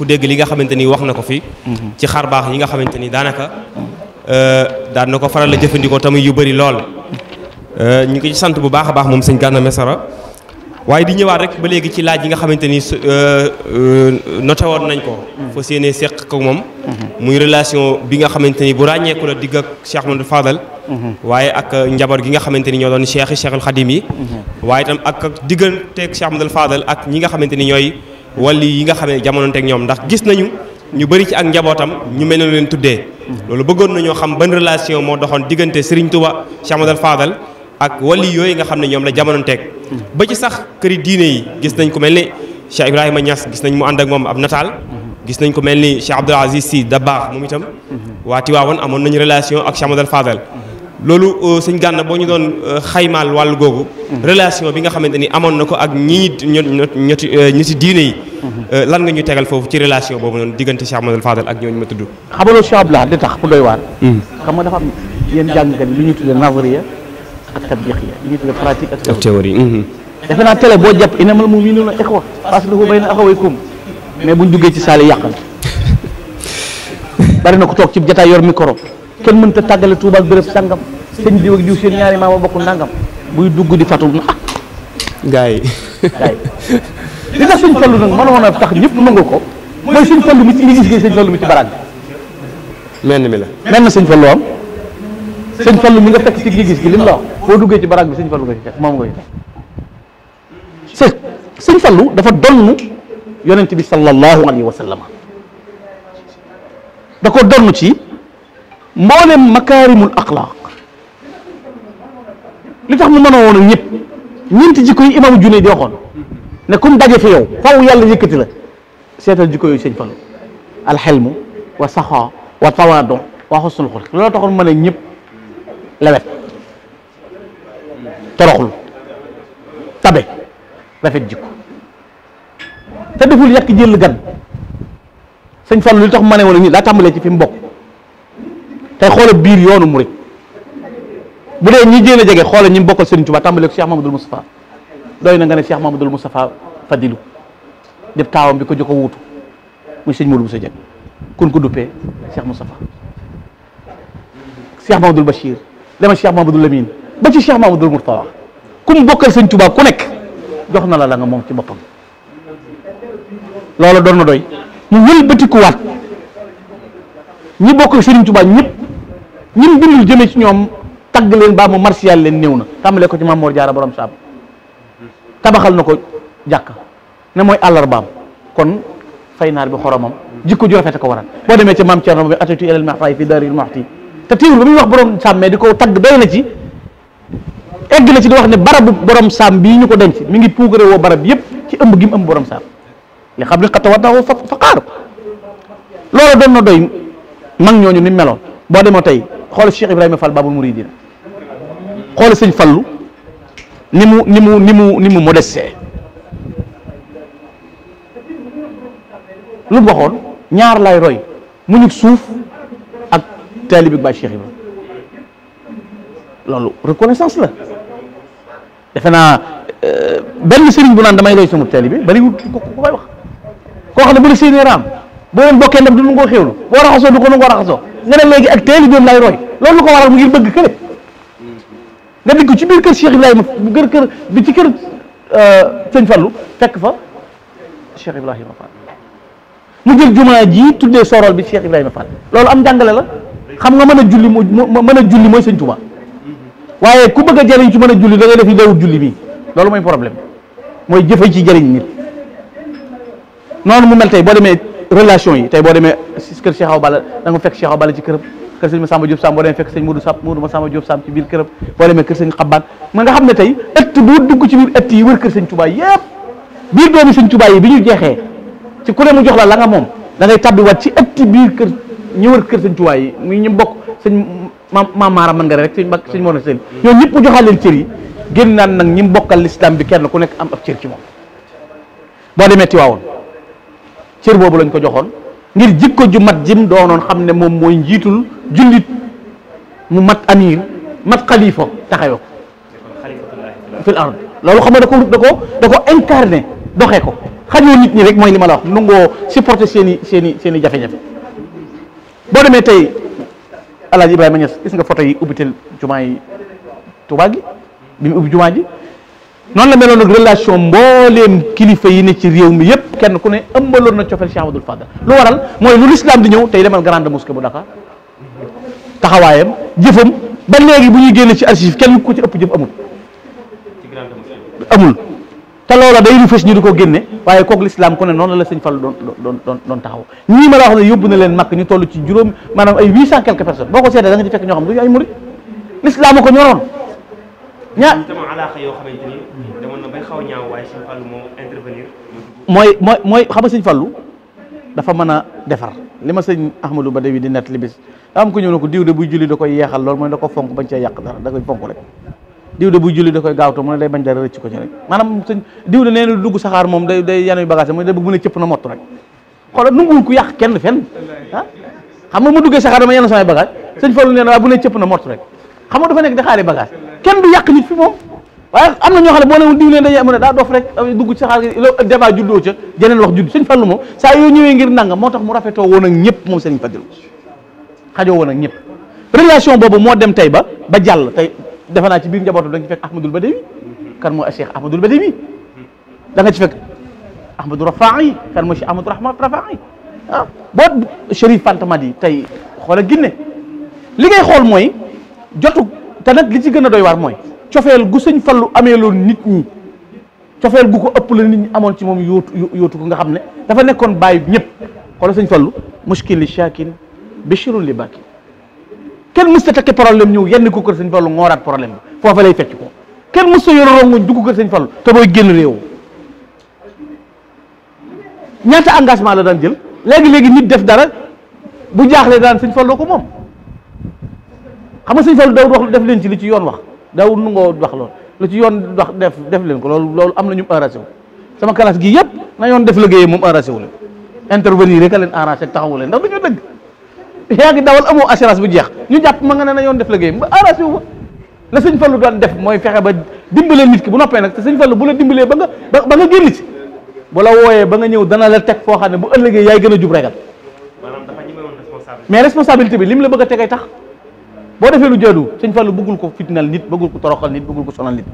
ku dégg li nga xamante ni wax na ko fi. Mhm. ci xar baax yi nga xamante ni daanaka euh, daan na ko faral la jëfandikoo tamit yu bëri lool. Euh, ñu ngi ci sant bu baax a baax moom sëñ Gana Messere waaye di ñëwaat rek ba léegi ci laaj yi nga xamante ni euh, noté woon nañ ko. Mhm. fas yéene seq ko moom. Mhm. muy relation bi nga xamante ni bu ràññeeku la digg ak Cheikh Amadou Fadal. waaye ak njaboot gi nga xamante ni ñoo doon Cheikh Cheikhul Khadim yi. waaye itam ak digganteeg Cheikh Amadou Fadal ak ñi wali yi nga xamee jamononteeg ñoom ndax gis nañu ñu bëri ci ak njabootam ñu mel na leen tuddee loolu bëggoon nañoo xam ban relation moo doxoon diggante Serigne Touba Cheikh Amadou Fadal ak wali yooyu nga xam ne ñoom la jamononteeg ba ci sax këri diine yi gis nañ ko mel ni Cheikh Ibrahima Niass gis nañ mu ànd ak moom ab nataal gis nañ ko mel ni Cheikh Abdoul Aziz Sy Dabakh moom itam waa Tiwaawoon amoon nañu relation ak Cheikh Amadou Fadal loolu euh, sëñ gànn boo ñu doon euh, xaymaal wàll googu. Mm-hmm. relation bi nga xamante ni amoon na ko ak ñii ñi euh, ñi ci diine yi. Mm-hmm. lan nga ñu tegal foofu ci relation boobu noonu diggante Cheikh Ahmadou Fadal ak ñooñu ma tudd. xamaloo Cheikh Abdoulaye di tax bu doy waar. Mm. xam nga dafa am yéen jàngkat yi lu ñuy tuddee nazariya ak tatbiq ya lu ñuy tuddee pratique ak. ak théorie. Mm-hmm. defe naa télé boo jàpp innamal mu'minuuna ixwa faslihu bayna axawaykum mais buñ duggee ci saali yàq la. bari na ko toog ci jataay yor micro. kenn mënta tàggale Touba ak béréb sangam sëñ diw diw seen ñaari maama bokkul nangam buy dugg di fatu na ah. gaa yi. gaa yi li tax sëñ Fallu nag mënoon a tax ñëpp nangu ko mooy sëñ Fallu mi bi. la menn sëñ Fallu am. sëñ nga fekk ci gis gi lim la wax duggee ci baraag bi sëñ Fallu nga ci fekk moom Fallu dafa donn yonent bi sallallahu alayhi wa sallam da ko donn ci. mboolem makaarimul axlaaq li tax mu mën a woon ak ñëpp ñeenti jikko yi imaamu Junayd di waxoon ne comme daje fi yow faw yàlla yëkkati la seetal jikko yooyu sëñ Fallu alxelmu wa saxaa wa tawaadu wa xusnul ñëpp lewet toroxlu tabe rafet jikko te deful yàq jël gan sëñ Fallu li tax ma ne ci fi mu bokk tey xoola biir yoonu murit bu dee ñi jéem a jege xoola ñi bokkal Serigne Touba tàmbale ko Cheikh Mamadou Moustapha doy na nga ne Cheikh Mamadou Moustapha Fadilu def taawam bi ko joko wuutu muy sëñ Modou Moussa Dieng kun ko duppee Cheikh Moustapha Cheikh Mamadou Bachir dama Cheikh Mamadou Lamine ba ci Cheikh Mamadou Mourtala ku mu bokkal Serigne ku nekk jox na la la nga moom ci boppam loolu doon na doy mu wëlbatikuwaat ñi bokkal Serigne Touba ñëpp ñun bindul jëme ci ñoom tagg leen baa mu martial leen néew na tàmbalee ko ci Maam Mor Jaara borom saam tabaxal na ko jàkka ne mooy àllarbaam kon fay naar bi xoromam jikko ju rafet ko waral boo demee ci maam Cerno bi atatu ilal maxtaay fi daaril maxti te ba muy wax borom saam mais di ko tagg doy na ci egg na ci di wax ne barabu borom saam bii ñu ko denc mi ngi puugare woo barab yëpp ci ëmb gi mu ëmb borom saam li xam ne xatawadaaw fa fa xaar loolu doon na doy mag ñooñu ni meloon boo demoo tey xoolal Cheikh Ibrahima Fall Babul Mouridina xoolal sëñ Fallu ni mu ni mu ni mu ni mu modeste lu mu ñaar lay roy mu ñu suuf ak taalibi Baay Cheikh Ibrahima loolu reconnaissance la defe naa euh, benn sëriñ bu naan damay roy sama taalibi bari ku koy wax koo xam ne bu la séenee raam boo leen bokkee ndab du nu ngoo xéewlu boo raxasoo du ko nu ngoo raxasoo ne na léegi ak taalibeem lay roy loolu lu ko waral mu ngir bëgg kële nga dégg ko ci biir kër Cheikh Ibrahima bu kër kër bi ci kër euh, sëñ Fallou fekk fa Cheikh Ibrahima Fall mu jël jumaa ji tuddee sorol bi Cheikh Ibrahima Fall loolu am jàngale la xam nga mën a julli mu mën a julli mooy sëñ Tuubaa waaye ku bëgg a jëriñ ci mën a julli da def yi dawut julli loolu mooy problème mooy jëfe ci jëriñ nit noonu mu mel tey boo relation yi tey boo demee si kër Cheikh Awa Balla da nga fekk Cheikh Awa Balla ci këram kër sëñ Massamba Diop Samb boo demee fekk sëñ Modou Samb Modou Massamba Diop Samb ci biir boo demee kër sëñ Xabbaan nga xam ne tey ëtt bu dugg ci biir ëtt yi wër kër sëñ Touba yëpp biir doomi sëñ yi bi ñu jeexee ci ku ne mu jox la la nga moom da ngay tabbiwaat ci ëtt biir kër ñu wër kër sëñ yi muy ñu bokk sëñ maam maam Maaram man nga rek sëñ bak sëñ Mor Seen ñoom ñëpp mu joxaat leen cër yi génn naan nag ñi bokkal l'islam bi kenn ku nekk am ab cër ci moom boo demee Tiwaawoon cër boobu lañ ko joxoon ngir jikko ju mat jim doonoon xam ne moom mooy njiitul jullit mu mat amir mat xalifa taxawe ko fil ard loolu xam nga da ko da ko da ko incarné ko xajoo nit ñi rek mooy li ma wax nungoo supporter seen i seen i seen i jafe-jafe boo demee tey El Hadj Ibrahima Niass gis nga photo yi ubbitel jumaa yi Tuubaa gi bi mu ubbi jumaa ji noonu la meloon ak relation mbooleem kilifa yi ne ci réew mi yépp kenn ku ne ëmbaloon na cofeel Cheikh Abdoul Fadal lu waral mooy lu l'islam di ñëw tey demal grande mosquée bu Dakar taxawaayam jëfam ba léegi bu ñuy génne ci archive kenn ku ci ëpp jëf amul amul te loola day lu fës ñu di ko génne waaye kook l'islam ku ne noon la sëñ Fallu doon doon doon doon taxaw ñii ma la wax ne yóbbu na leen Makka ñu toll ci juróom maanaam ay huit cent quelques personnes boo ko seetee da nga ci fekk ñoo xam du ko ñoroon ñaar sama alaaxa yoo xamante ni demoon na bay xaw ñaaw waaye moo intervenir. mooy mooy mooy xam nga Sëñ Fallu dafa mën a defar li ma sëñ Ahmadou Badawi di nett li bis daa am ko ñëw ne ko diw de buy julli da koy yeexal loolu mooy da ko fonk bañ cee yàq dara da koy fonk rek diw de buy julli da koy gaawto mu ne day bañ dara rëcc ko ci rek maanaam sëñ diw de nee dugg saxaar moom day day yanuy bagage mooy day bëgg mu ne na mott rek xoolal nunguwul ku yàq kenn fenn ah xam nga mu duggee saxaar dama yenu samay sëñ Fallu nee na bu ne cëpp na mott rek xam nga dafa nekk di xaari bagage kenn du yàq nit fi moom waaye am na ñoo xam ne boo newul diw leen dañuy mën a daa dof rek dugg ci xaar débat juddoo ca jeneen wax judd sëñ Fallu moom saa yoo ñëwee ngir nangam moo tax mu rafetoo woon ak ñëpp moom sëñ Fadilu xajoo woon ak ñëpp relation boobu moo dem tey ba ba jàll tey defe naa ci biir njabootam da nga ci fekk Ahmadul Badawi kan mooy Cheikh Ahmadul Badawi da nga ci fekk Ahmadou Rafaay kan mooy Cheikh Ahmadou Rahma Rafaay ah boo Chérif Fanta Madi tey xoolal Guinée li ngay xool mooy jotu te nag li ci gën a doy waar mooy cofeel gu sëñ fallu amee loon nit ñi cofeel gu ko ëpp la nit ñi amoon ci moom yóotu yóotu ko nga xam ne dafa nekkoon bàyyi ñëpp xoolal sëñ fallu mushkil li shaakin bashirul li baakin kenn mës ta takke ñëw yenn ko kër sañ fallu ngooraat problème bi foofa lay fecc ko kenn mës ta yor rongoñ dugg kër sëñ fallu te booy génn réew ñaata engagement la daan jël léegi-léegi nit def dara bu jaaxle daan sëñ falloo ko moom xam nga sëñ Fallu daawul wax def leen ci li ci yoon wax daawul nu ngoo wax loolu lu ci yoon wax def def leen ko loolu loolu am na ñu arrangé wu sama classe gi yëpp na yoon def liggéey moom arrangé leen intervenir rek a leen arrangé bu jeex ñu jàpp ma nga ne na yoon def liggéey ba arrangé wu ma la sëñ Fallu doon def mooy fexe ba dimbalee nit ki bu noppee nag te sëñ Fallu bu la dimbalee ba nga ba nga génn ci bu la wooyee ba nga ñëw dana la teg foo xam ne bu ëllëgee yaay gën a jub regal mais responsabilité bi lim la bëgg a boo defee lu jaadu sëñ Fallou bëggul ko fitnal nit bëggul ko toroxal nit bëggul ko sonal nit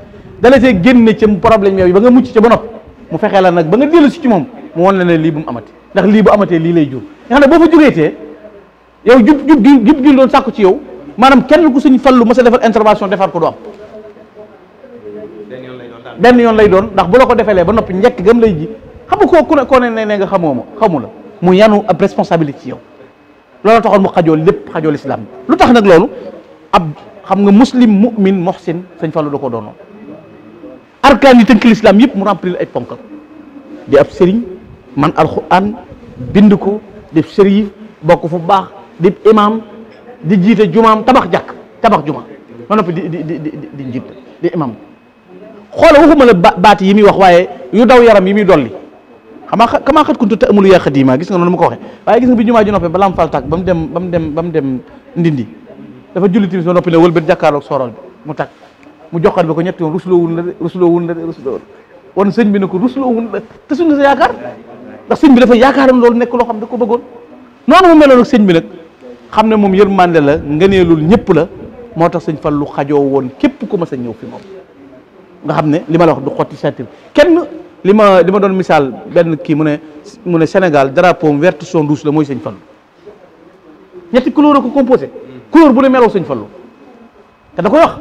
dala see génne ca problème yooyu ba nga mucc ca ba noppi mu fexee la nag ba nga dellu si ci moom mu won la ne lii bu mu amati ndax lii bu amatee lii lay jur nga xam ne boo fa jógeetee yow jub jub gi jub gi doon sàkku ci yow maanaam kenn ku sëñ lu ma a defar intervention defar ko du am benn yoon lay doon ndax bu la ko defelee ba noppi njëkk gam lay ji xam nga ku ne koo ne ne nga xamoo ma xamu la mu yanu ab responsabilité yow loolu taxoon mu xajool lépp xajool islam lu tax nag loolu ab xam nga muslim mu'min muhsin sëñ Fallou da ko doonoon arkaan yi tënk lislaam yëpp mu remplir ay ponkal di ab sëriñ man alxuraan bind ko di sëriñ bokk fu baax di imaam di jiite jumaam tabax jàkk tabax jumaam ba noppi di di di di njiit di imaam xoola waxuma la yi muy wax waaye yu daw yaram yi muy dolli xamaa kamaa xat kuntu te amulu yaa xadima gis nga noonu ma ko waxee waaye gis nga bi jumaa ji noppee balaa mu fal ba mu dem ba mu dem ba mu dem ndindi dafa julli timis ba noppi ne wëlbati jàkkaarloog sorol bi mu tag mu joxaat bi ko ñetti yoon rusloo wun la de rusloo wun la de rusloo wun wan sëñ bi ne ko rusloo wun la te suñ nga sëñ bi dafa yaakaaroon loolu nekk loo xam da ko bëggoon noonu mu meloon ak sëñ bi nag xam ne moom yërmande la ngëneelul ñëpp la moo tax sëñ Fallu xajoo woon képp ku ma sa ñëw fi moom nga xam ne li ma la wax du xotti sentir kenn li ma li ma doon misaal benn kii mu ne mu ne Sénégal drapeau vert jaune rouge la mooy sëñ Fallu ñetti couleur ko composé couleur bu ne meloo sëñ Fallu te da koy wax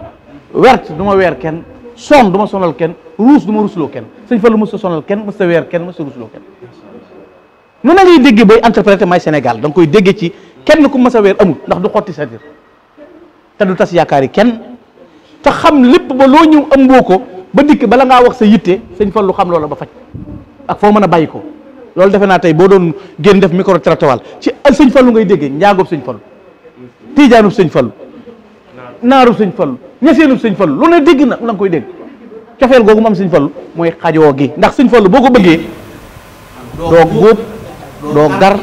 wert du ma weer kenn son duma sonal kenn ruus du ma rusloo kenn sëñ Fallu mës sa sonal kenn mës sa weer kenn mës sa rusloo kenn na ngay déggee booy interprété may Sénégal da koy déggee ci kenn ku mës a weer amul ndax du xotti sadir te du tas yaakaar yi kenn te xam lépp ba ñëw ëmboo ko ba dikk bala ngaa wax sa yitte sëñ Fallu xam loola ba faj ak foo mën a bàyyi ko loolu defe naa tey boo doon génn def micro trottoir ci sëñ Fallu ngay déggee njaagob sëñ Fallu tiijaanub sëñ fallu naarub sëñ fallu ñaseenub sëñ lu ne dégg nag la nga koy dégg cofeel googu mu am sëñ fallu mooy xajoo gi ndax sëñ fallu boo ko bëggee doo góob doo gar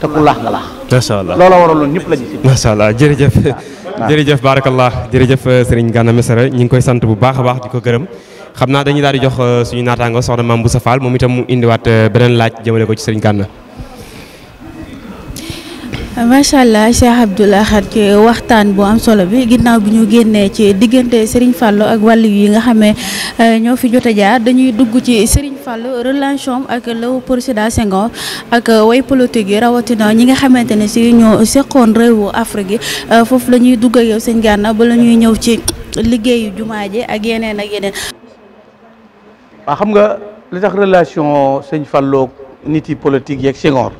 te ku laax nga laax macha allah loola waral loon ñëpp la gis macha jërëjëf jërëjëf barakallah jërëjëf euh, sëriñ Gana Messere ñi ngi koy sant bu baax baax di ko gërëm xam naa dañuy daal di jox euh, suñu naataango soxna maam Boussa Fall moom itam mu indiwaat euh, beneen laaj jëmale ko ci sëriñ Gana macha allah Cheikh Abdoul ci waxtaan bu am solo bi ginnaaw bi ñu génnee ci diggante Serigne Fallou ak wàllu yi nga xam ne eh, ñoo fi jot a jaar dañuy dugg ci Serigne Fallou relation ak Léopold Sédar Senghor ak eh, woy politique yi rawatina ñi nga xamante ne si ñoo seqoon réewu Afrique yi eh, foofu la ñuy dugg ak yow sëñ Gana ba ñuy ñëw ci liggéeyu jumaa ji ak yeneen ak yeneen. waa xam nga li tax relation sëñ Fallou nit yi politique yeeg Senghor.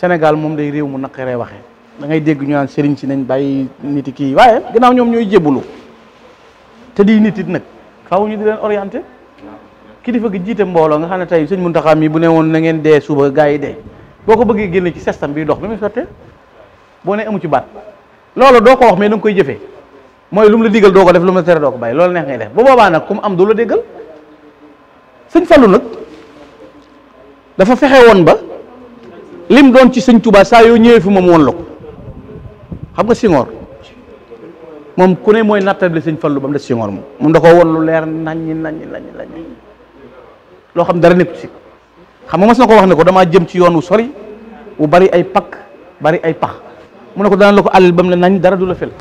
Sénégal moom day réew mu naqaree waxee da ngay dégg ñu naan sëriñ si nañ bàyyi niti kii waaye gannaaw ñoom ñooy jébbalu te di nit it nag faaw ñu di leen orienté kilifa gi jiite mbooloo nga xam ne tey sëñ Muntaxa mi bu nee woon na ngeen dee suba gaa yi dee boo ko bëggee génne ci système bi dox lu muy sottee boo ne amu ci baat loolu doo ko wax mee da nga koy jëfee mooy lu mu la digal doo ko def lu mu la tere doo ko bàyyi loolu neex ngay def bu boobaa nag ku mu am du la déggal sëñ dafa fexe woon ba. lim doon ci sëñ Touba saa yoo ñëwee fi moom woon la ko xam nga Senghor moom ku ne mooy nattable sëñ Fallou ba mu des Senghor moom moom da ko woon lu leer nañ naññi naññi naññi loo xam dara nekku ci xam nga mas na ko wax ne ko damaa jëm ci yoon wu sori wu bari ay pakk bari ay pax mu ne ko daan la ko àllal ba mu nañ dara du la fel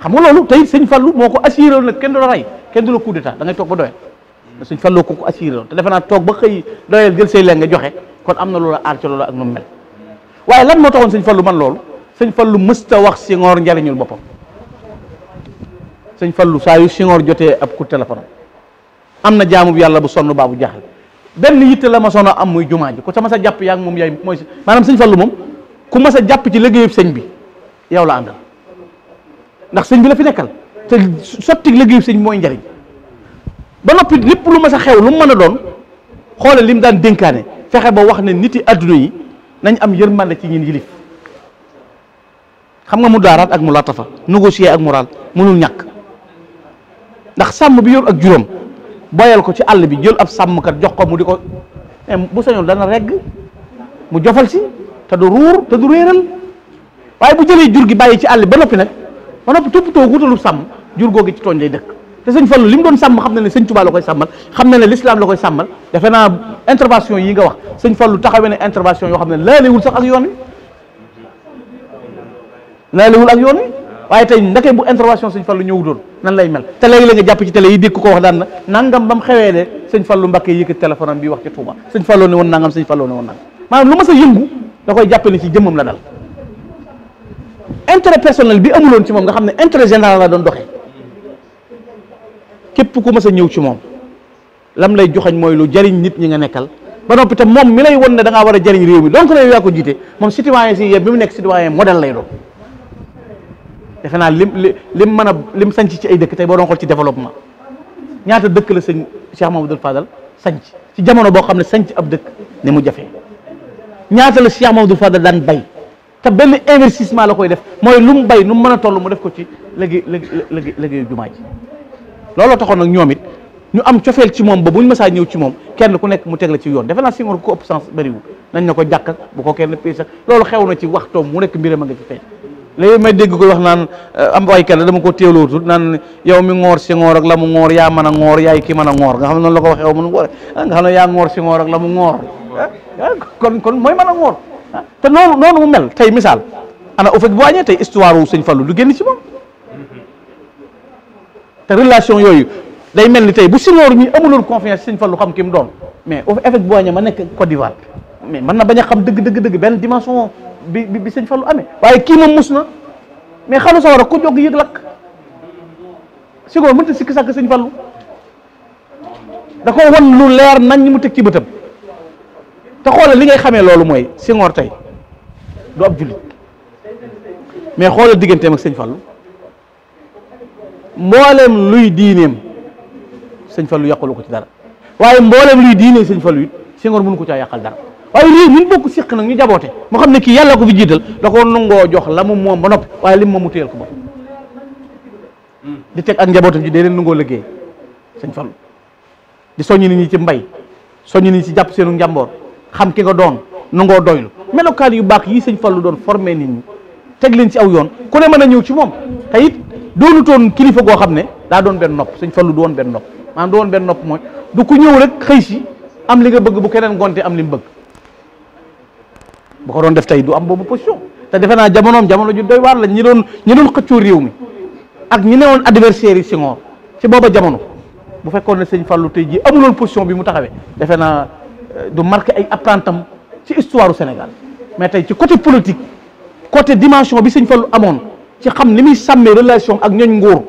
xam nga loolu tey sëñ Fallou moo ko assuré nag kenn du la rey kenn du la coup d'état da ngay toog ba doyal suñ falloo ko ko assuré woon te defe naa toog ba xëy doyal jël say leen nga joxe kon am na loola aar ca loola ak nu mel waaye lan moo taxoon sëñ fallu man loolu suñ fallu mësta wax si ngoor njariñul boppam suñ saa yu si ngoor jotee ab coup téléphone am na jaamu yàlla bu sonn baabu jaaxle benn yitte la ma sonn am muy jumaa ji ku sa mas a jàpp yaa ngi moom yaay mooy maanaam suñ fallu moom ku mas a jàpp ci liggéeyub sëñ bi yow la àndal ndax sëñ bi la fi nekkal te sotti liggéeyub sëñ mooy njariñ ba noppi lépp lu ma sa xew lu mu mën a doon xoolal li mu daan dénkaane fexe ba wax ne nit yi adduna yi nañ am yërmande ci ñun yilif xam nga mu daaraat ak mu latafa négocier ak moral mënul ñàkk ndax sàmm bi yor ak juróom boyal ko ci àll bi jël ab sàmmkat jox ko mu di ko eh, bu sañoon dana regg mu jofal si te du ruur te du réeral waaye bu jëlee jur gi bàyyi ci àll ba noppi nag ba noppi toppatoo wutalu sàmm jur googu ci tooñ lay dëkk te sëñ Fallu li mu doon sàmm xam na ne sëñ Tuubaa la koy sàmmal xam na ne l'islam la koy sàmmal defe naa intervention yi nga wax sëñ Fallu taxawee ne intervention yoo xam ne laalewul sax ak yoon wi laalewul ak yoon wi waaye tey ndake bu intervention sëñ Fallu ñëwutoon nan lay mel te léegi la nga jàpp ci télé yi dégg ko wax daan na nangam ba mu xewee de sëñ Fallu Mbàkke yëkkati téléphone bi wax ci Tuubaa sëñ Fallu ne woon nangam sëñ Fallu ne woon nangam maanaam lu ma sa yëngu da koy jàppe ni ci jëmmam la dal intérêt personnel bi amuloon ci moom nga xam ne intérêt général la doon doxee képp ku mës a ñëw ci moom lam lay joxañ mooy lu jariñ nit ñi nga nekkal ba noppi tam moom mi lay won ne da war a jariñ réew mi donc yow yaa ko jiite moom citoyen si yëpp bi mu nekk citoyen modèle lay doon defe naa lim lim mën a lim sañc ci ay dëkk tey boo doon xool ci développement ñaata dëkk la sëñ Cheikh Mamadou Fadal sanc ci jamono boo xam ne sanc ab dëkk ni mu jafee ñaata la Cheikh Mamadou Fadal daan bay te benn investissement la koy def mooy lu mu bay nu mu mën a toll mu def ko ci léegi léegi léegi léegi jumaa ji looloo taxoon nag ñoom it ñu am cofeel ci moom ba buñ mësaa ñëw ci moom kenn ku nekk mu teg la ci yoon defe naa Senghor ku ko ëpp sens bëriwul nañ na ko jàkk bu ko kenn piis loolu xew na ci waxtoom mu nekk mbiram a nga ci feeñ eh, la mu ngoor yaa mën a ngoor yaay ki a ngoor nga xam ne noonu la ko waxee yow mën ngoor ah, nga xam ne yaa ngoor si ngoor ak la mu ngoor ah, ah, kon kon mooy mën a ngoor te noonu mu mel tey misaal ana au fait bu wàññee tey histoire wu sëñ Fallou lu génn ci moom te relation yooyu day mel ni tey bu Senghor ñu amuloon confiance Sëñ Fallu xam ki mu doon mais avec Boigny ma nekk Côte d'Ivoire mais man na bañ a xam dëgg dëgg dëgg benn dimension bi bi Sëñ Fallu amee waaye kii moom mus na mais xalu sawara ko jog yëg lakk Senghor mënut sikki sàkk Sëñ fal da ko wan lu leer nañ mu teg ci bëtam te xoolal li ngay xamee loolu mooy Senghor tey du ab jullit mais xoolal digganteem ak Sëñ Fallu mboolem luy diineem sëñ Fallu yàqalu ko ci dara waaye mboolem luy diineem sëñ Fallu it Senghor mënu ko caa yàqal dara waaye lii mun bokk siq nag ñu jaboote moo xam ne kii yàlla ko fi jiital da ko nangoo jox la mu moom ba noppi waaye lim moom mu téyal ko bopp di teg ak njabootam ji dee leen nangoo liggéey sëñ Fallu di soñ nit ñi ci mbay soññ nit ñi ci jàpp seenu njàmboor xam ki nga doon nangoo doylu melokaan yu baax yi sëñ lu doon formé nit ñi teg leen aw yoon ku ne mën a ñëw ci moom te doonutoon kilifa goo xam ne daa doon benn nopp sëñ Fallu du woon benn nopp maanaam du woon benn nopp mooy du ku ñëw rek xëy si am li nga bëgg bu keneen gonte am li mu bëgg bu ko doon def tey du am boobu position te defe naa jamonoom jamono ju doy waar la ñi doon ñi xëccoo réew mi ak ñi newoon adversaire yi Senghor ci booba jamono bu fekkoon ne sëñ Fallu tey jii amuloon position bi mu taxawee defe naa euh, du marqué ay apprentam ci histoire Sénégal mais tey ci côté politique côté dimension bi sëñ Fallu amoon ci xam ni muy sàmmee relation ak ñooñ nguur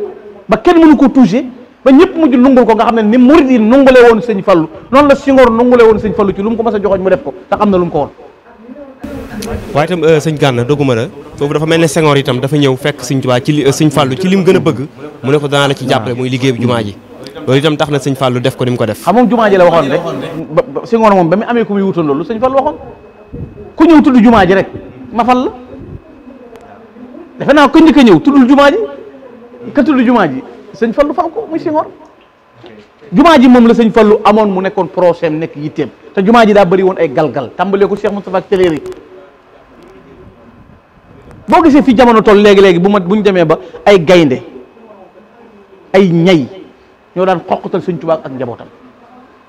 ba kenn mënu ko touché ba mu mujj nungul ko nga xam ne ni murid yi nungulee woon sëñ fallu noonu la Senghor nungulee woon sëñ fallu ci lu mu ko mas a joxoñ mu def ko ndax am na lu mu ko woon waaye itam euh, sëñ Gana dogguma foofu dafa mel ne Senghor itam dafa ñëw fekk sëñ Tuubaa ci li euh, sëñ Fallu ci lim gën a bëgg mu ne ko danaa la ci jàppale muy liggéey bu jumaa ji loolu itam tax na sëñ Fallu def ko ni mu ko def xam moom jumaa ji la waxoon rek Senghor moom ba mu amee ku muy wutoon loolu sëñ Fallu waxoon ku ñëw tudd jumaa ji rek ma fal la defe naa ko njëkk a ñëw tuddul jumaa ji ka tudd jumaa ji sëñ Fallou fal ko muy Senghor jumaa ji moom la sëñ Fallou amoon mu nekkoon projet am nekk yitteem te jumaa ji daa bari woon ay galgal tàmbalee ko Cheikh Moustapha ak Téléri gisee fi jamono toll léegi-léegi bu ma bu ñu demee ba ay gaynde ay ñay ñoo daan xoqatal sëñ Tuubaa ak njabootam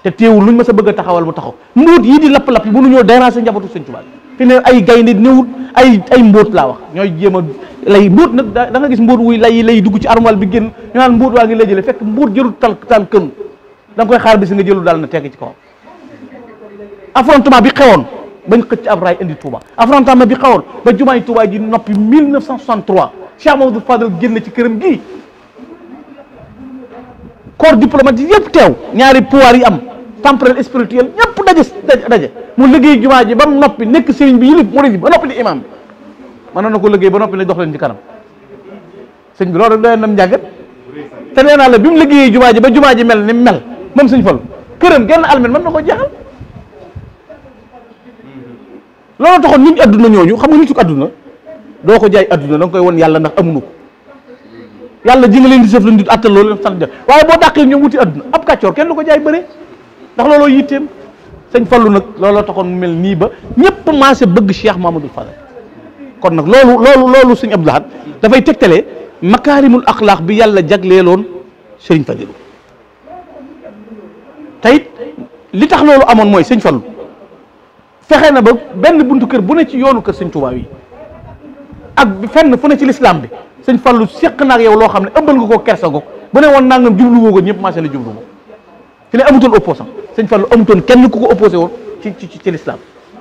te teewul luñ ma sa bëgg taxawal mu taxaw mbóot yi di lapp-lapp mënuñoo déranger njabootu sëñ Tuubaa fi ay gaynde néewut ay ay mbóot laa wax ñooy jéem a lay mbuut nag da nga gis mbuut wuy lay lay dugg ci armoire bi génn ñu naan waa ngi lay jële fekk mbuut jërul tal tal kënu da nga koy xaar bi si nga jëlu daal na tegg ci kaw affrontement bi xewoon bañ xëcc ab raay indi Touba affrontement bi xewoon ba jumaay Touba ji noppi 1963 Cheikh Mamadou Fadal génn ci këram gii corps diplomatique yëpp teew ñaari pouvoir yi am temporel spirituel ñëpp daje daje mu liggéey jumaa ji ba mu noppi nekk sëriñ bi yilif murid bi ba noppi di imam mënoon na ko liggéey ba noppi ne dox leen ci kanam sëñ bi loolu rek doyoon na mu te nee naa la bi mu liggéeyee jumaa ji ba jumaa ji mel ni mel moom sañ Fallu këram genn almet man na ko jeexal loolu taxoon nit adduna ñooñu xam nga nituk adduna doo ko jaay adduna da koy won yàlla ndax amuñu ko yàlla ji nga leen di sëf lu nit attal loolu leen sant ja waaye boo dàqee ñoom wuti adduna ab kàccoor kenn du ko jaay bëre ndax looloo yitteem sëñ Fallu nag looloo taxoon mu mel nii ba ñëpp maase bëgg Cheikh du Fadal kon nag loolu loolu loolu suñu Abdou Lahad dafay tegtale makaarimul axlaaq bi yàlla jagleeloon sëriñ Fadilu tayit li tax loolu amoon mooy sëñ Fallu fexe na ba benn buntu kër bu ne ci yoonu kër sëñ Tuubaa yi ak fenn fu ne ci lislaam bi sëñ Fallu seq na ak yow loo xam ne ëmbal nga ko kersa goog bu ne woon nangam jublu woo ko ñëpp marché la jublu ko fi ne amutoon opposant sëñ Fallu amutoon kenn ku ko opposé woon ci ci ci lislaam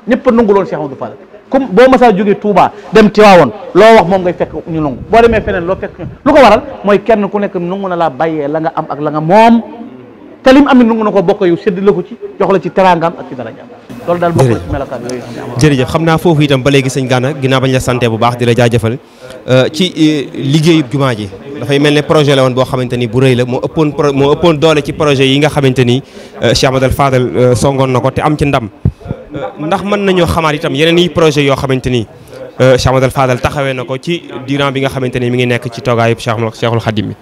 ñëpp a nangu loon Cheikh Amadou Fall comme boo masaa jógee Touba dem Tiwaawoon loo wax moom ngay fekk ñu nangu boo demee feneen loo fekk ñu lu ko waral mooy kenn ku nekk nangu na laa bàyyee la nga am ak la nga moom te lim amit nangu na ko bokk yu sédd la ko ci jox ak ci darajaam loolu daal xam naa foofu itam ba léegi sëñ Gana ginnaaw bañ la sante bu baax di la jaajëfal euh, ci euh, liggéeyub jumaa ji dafay mel ne projet la woon boo xamante ni bu rëy la moo ëppoon moo ëppoon doole ci projet yi nga xamante ni euh, Cheikh Amadou Fadal songoon na ko te am ci ndam ndax mën nañoo xamaat itam yeneen yi projet yoo xamante ni Cheikh Amadou Fadal taxawee na ko ci durant bi nga xamante ni mi ngi nekk ci toogaayub Cheikh Cheikhul Khadim bi.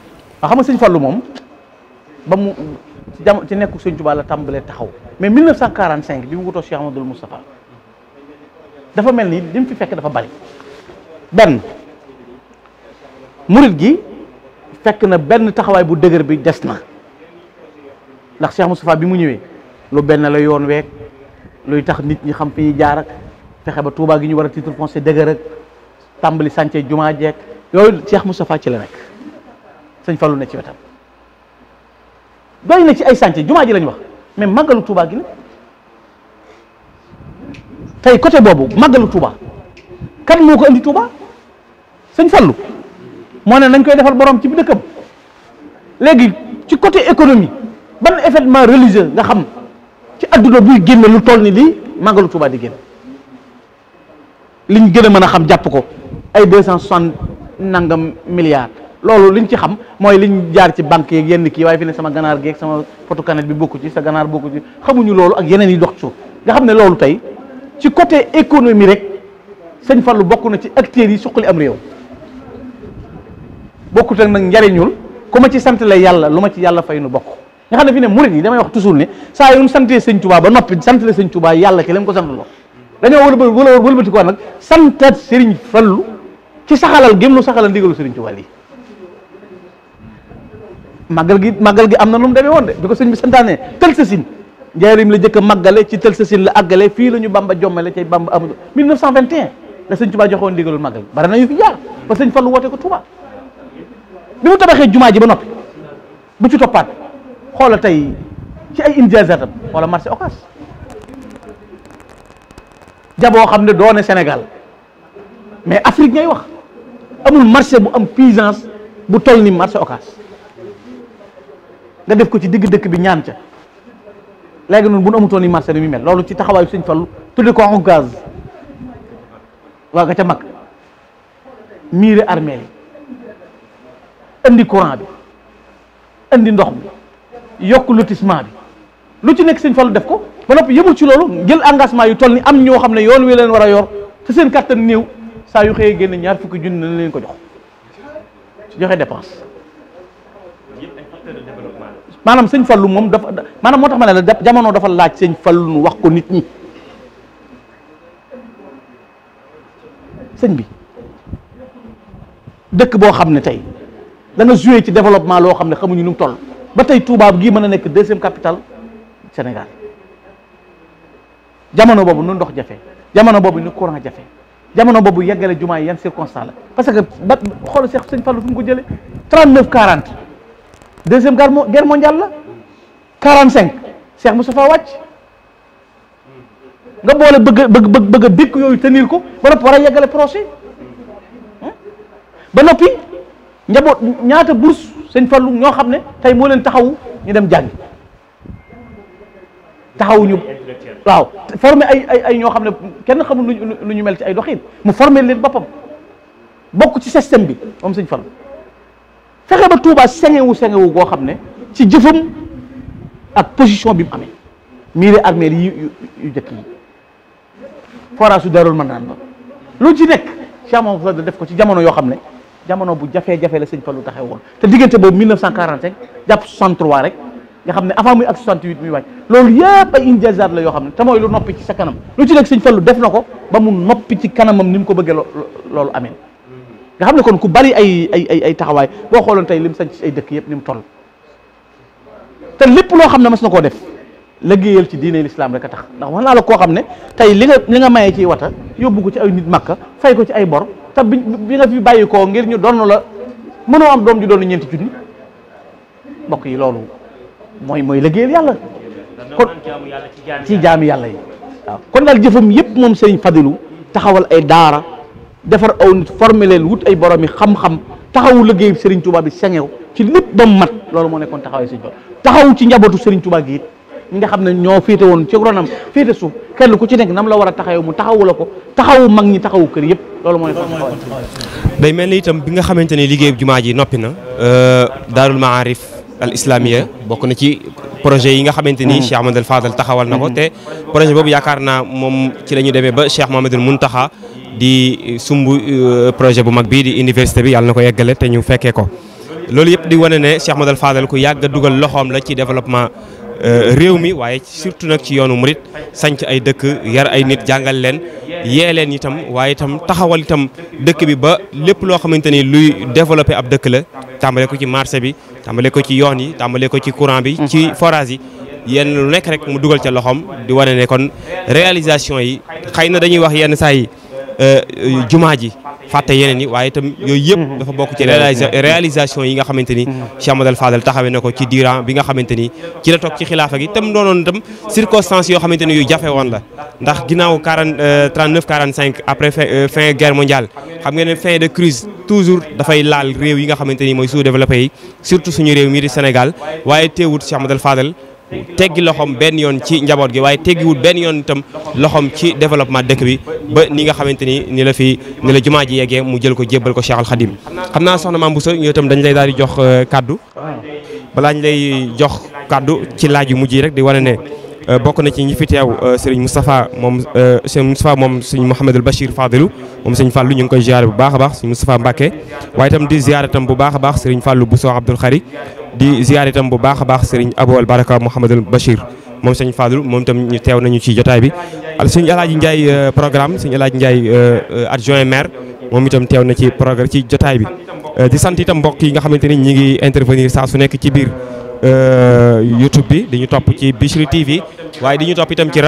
ci jamono ci nekku Sëñ Tuubaa la tàmbalee taxaw mais 1945 bi mu wutoo Cheikh Amadou Moustapha dafa mel ni li mu fi fekk dafa bari benn murit gi fekk na benn taxawaay bu dëgër bi des na ndax Cheikh Moustapha bi mu ñëwee lu benn la yoon week luy tax nit ñi xam fi ñuy jaar ak fexe ba Touba gi ñu war a titre foncier dëgër tàmbali sànce jumaa jeek yooyu Cheikh Moustapha ci la nekk sëñ Fallou ne ci wetam doy na ci ay chantier jumaa ji lañu wax mais màggalu Touba gi la tey côté boobu màggalu Touba kan moo ko indi Touba sëñ Fallu moo ne nañ koy defar borom ci bi dëkkam léegi ci côté économie ban événement religieux nga xam ci adduna buy génne lu toll ni lii màggalu Touba di génn liñ gën a mën a xam jàpp ko ay deux cent soixante nangam milliards loolu liñ ci xam mooy liñ jaar ci banque yeeg yenn kii waaye fi ne sama ganaar geeg sama potu kanet bi bokku ci sa ganaar bokku ci xamuñu loolu ak yeneen yi dox ci suuf xam ne loolu tey ci côté économie rek sëñ Fallou bokk na ci acteurs yi suqali am réew bokkut ak nag njariñul ku ma ci sant la yàlla lu ma ci yàlla fay nu bokk nga xam ne fi ne murit yi damay wax toujours ne saa yu ñu santee sëñ Touba ba noppi sant la sëñ Touba yàlla ci la mu ko sant loo dañoo wëlbati wëlbati ko nag santat Serigne Fallou ci saxalal gém lu saxalal ndigalu Serigne Touba lii màggal gi màggal gi am na lu mu demee woon de bi ko sëñ bi santaane tël sa sin la jëkk a ci tël sa sin la àggale fii la ñu bamba jommale cay bamba amado 1921 la sëñ Tuubaa joxoon ndigalul màggal gi bari na yu fi jaar ba sëñ Fallu woote ko Tuubaa bi mu tabaxee jumaa ji ba noppi bu ci toppaat xoola tey ci ay injaazatam walla marché occas jaboo xam ne doone Sénégal mais Afrique ngay wax amul marché bu am puissance bu toll ni marché nga def ko ci digg dëkk bi ñaan ca léegi noonu bu nu amutoon yi marché ni mu loolu ci taxawaayu sëñ Fallu tudde ko en gaz waa nga ca mag miire armeel yi indi courant bi indi ndox bi yokk lotissement bi lu ci nekk sëñ Fallu def ko ba noppi yëmul ci loolu jël engagement yu toll ni am ñoo xam ne yoon wi leen war a yor te seen kàttan néew saa yu génn ñaar fukki junni na leen ko jox joxe dépense maanaam sëñ fallu moom dafa maanaam moo tax ma ne la jamono dafa laaj sëñ fallu nu wax ko nit ñi sëñ bi dëkk boo xam ne tey da nga ci développement loo xam ne xamuñu nu mu toll ba tey Touba gi mën a nekk deuxième capital Sénégal jamono boobu nu ndox jafe jamono boobu nu courant jafe jamono boobu yeggale jumaa yi yan circonstance la parce que ba xool Seex sëñ Fallu fu mu ko jëlee 39 40 deuxième guerre mondiale la 45 Cheikh Moustapha wàcc nga boole bëgg bëgg bëgg a dikk yooyu tenir ko ba noppi war a yeggale procès hmm? ba noppi njaboot ñaata bourse sëñ Fallou ñoo xam ne tey moo leen taxawu ñu dem jàngi taxawu ñu waaw formé ay ay ay ñoo xam ne kenn xamul lu ñu mel ci ay doxiin mu formé leen boppam bokk ci système bi moom sëñ Fallou fexe ba Touba sengewu sengewu goo xam ne ci jëfam ak position bi mu amee miire armée yi yu jëkk yi forage su darul mën naan ba lu ci nekk Cheikh Mamadou Fadal def ko ci jamono yoo xam ne jamono bu jafee-jafe la sëñ Fallou taxaw woon te diggante boobu 1945 jàpp 63 rek nga xam ne avant muy ak 68 muy wàcc loolu yëpp ay injaazaat la yoo xam ne te mooy lu noppi ci sa kanam lu ci nekk sëñ Fallou def na ko ba mu noppi ci kanamam ni mu ko bëggee loolu amee nga xam ne kon ku bari ay ay taxawaay boo xooloon tey lim sañ ci ay dëkk yëpp ni mu toll te lépp loo xam ne mas na koo def liggéeyal ci diine lislaam rek a tax ndax wax naa la koo xam ne tey li nga li nga mayee ci wata yóbbu ko ci ay nit makka fay ko ci ay bor te bi bi nga fi bàyyi koo ngir ñu doon la mënoo am doom ju doon ñeenti junni mbokk yi loolu mooy mooy liggéeyal yàlla kon ci jaami yàlla yi waaw kon daal jëfam yëpp moom sëriñ Fadilu taxawal ay defar aw nit formé leen wut ay boromi yi xam-xam taxawu liggéey Serigne Touba bi sengew ci lépp ba mu mat loolu moo nekkoon taxawaayu Serigne Touba taxawu ci njabootu Serigne Touba gi it nga xam ne ñoo féete woon ci ronam féete suuf kenn ku ci nekk nam la war a taxawee mu taxawu la ko taxawu mag ñi taxawu kër yëpp loolu moo nekkoon taxawaayu day mel ni itam bi nga xamante ni liggéey jumaa ji noppi na euh, Daarul Maarif al Islamiyya bokk na ci projet yi nga xamante ni hmm. Cheikh Ahmadou Fadal taxawal na ko hmm. te projet boobu yaakaar naa moom ci la ñu demee ba Cheikh Mouhamadoul Mountakha di sumb euh, projet bu mag bii di université bi yàlla na ko yeggale te ñu fekkee ko loolu yëpp di wane ne Cheikh Modou Fadel ku yàgg a dugal loxoom la ci développement euh, réew mi waaye surtout nag ci yoonu murit sanc ay dëkk yar ay nit jàngal leen yee leen itam waaye itam taxawal itam dëkk bi ba lépp loo xamante ni luy développé ab dëkk la tàmbale ko ci marché bi tàmbale ko ci yoon yi tàmbale ko ci courant bi ci forage yi yenn lu nekk rek mu dugal ca loxoom di wane ne kon réalisation yi xëy na dañuy wax yenn Euh, euh, jumaa ji fàtte yeneen yi waaye itam yooyu yëpp mhm. dafa bokk ci mhm. réalisation yi nga xamante ni mhm. Cheikh Amadou Fadal taxawee ne ko ci diiran bi nga xamante ni ci la toog ci xilaafa gi itam doonoon itam circonstances yoo xamante ni yu jafe woon la ndax ginnaaw 40 39 cinq après euh, fin guerre mondiale xam ngeen ne fin de crise dafay laal réew yi nga xamante ni mooy sous-développé yi surtout suñu réew mii di Sénégal waaye teewut Cheikh Amadou Fadal teggi loxoom benn yoon ci njaboot gi waaye teggiwul benn yoon itam loxoom ci développement dëkk bi ba ni nga xamante ni ni la fi ni la jumaa ji yeggee mu jël ko jébbal ko Cheikh Al Khadim xam naa soxna Mame Bousso yow tam dañ lay daal di jox euh, kàddu balaa ñu lay jox kàddu ci laaj yu mujj rek di wane ne euh, bokk na ci ñi fi teew euh, sëriñ Moustapha moom sëriñ Moustapha moom sëriñ Mouhamadul Bachir Fadilou moom sëriñ Fallou ñu ngi koy ziare bu baax a baax sëriñ Moustapha Mbacke waaye itam di ziare bu baax a baax sëriñ Fallou Bousso Abdoul Khari di ziar itam bu baax a baax sëriñ Abou al Baraka Mouhamadul Bachir moom sëñ Fadlu moom itam ñu teew nañu ci jotaay bi sëñ El njaay Ndiaye programme sëñ El Hadj Ndiaye euh, euh, euh, adjoint maire moom itam teew na ci programme ci jotaay bi. di sant itam mbokk yi nga xamante ni ñi ngi intervenir saa su nekk ci biir YouTube bi di ñu topp ci Bichri TV waaye di ñu topp itam ci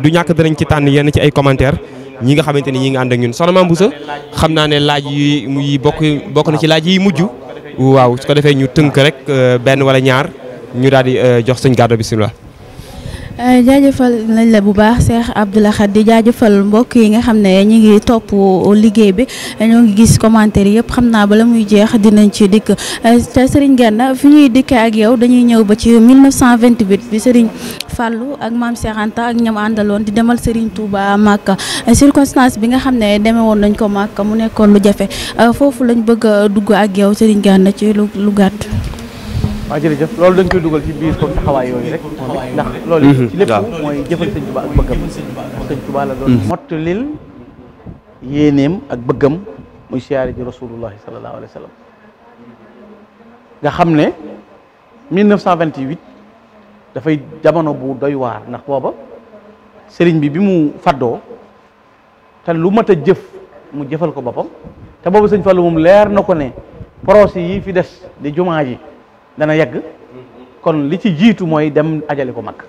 du ñàkk danañ ci tànn yenn ci ay commentaires. nga xamante ni ñi ànd ak ñun soxna Mame Bousso xam naa ne laaj yi muy bokk bokk na ci laaj yi mujj. waaw su ko defee ñu tënk rek euh, benn wala ñaar ñu daal di euh, jox suñ gàddo bisimilah. Euh, jaajëfal nañ la bu baax Cheikh Abdou Lahad di jaajëfal mbokk yi nga xam ne ñu ngi topp liggéey bi dañoo ngi gis commentaire yëpp xam naa bala muy jeex dinañ ci dikk te euh, Serigne Ganna fi ñuy dikkee ak yow dañuy ñëw ba ci 1928 bi Serigne fàllu ak maam Cheikh Anta ak ñam àndaloon di demal Serigne Touba Màkka euh, circonstance bi nga xam ne demee woon nañ ko Màkka mu nekkoon lu jafe foofu lañ bëgg a dugg ak yow Serigne Ganna ci lu lu gàtt. waaw jërëjëf loolu dañ koy dugal ci biir kon taxawaay yooyu rek ndax loolu mhm. ci lépp mooy jëfal sëñ Tuubaa ak bëggam sëñ Tuubaa la mhm. ak bëggam muy siyaare ji rasulullahi sallallahu alayhi wa sallam xam ne 1928 dafay jamono bu doy waar ndax booba sëriñ bi bi mu faddoo te lu mat a jëf mu jëfal ko boppam te booba sëñ moom leer na ko ne projet yi fi des di jumaa ji dana yegg kon li ci jiitu mooy dem ajale ko mag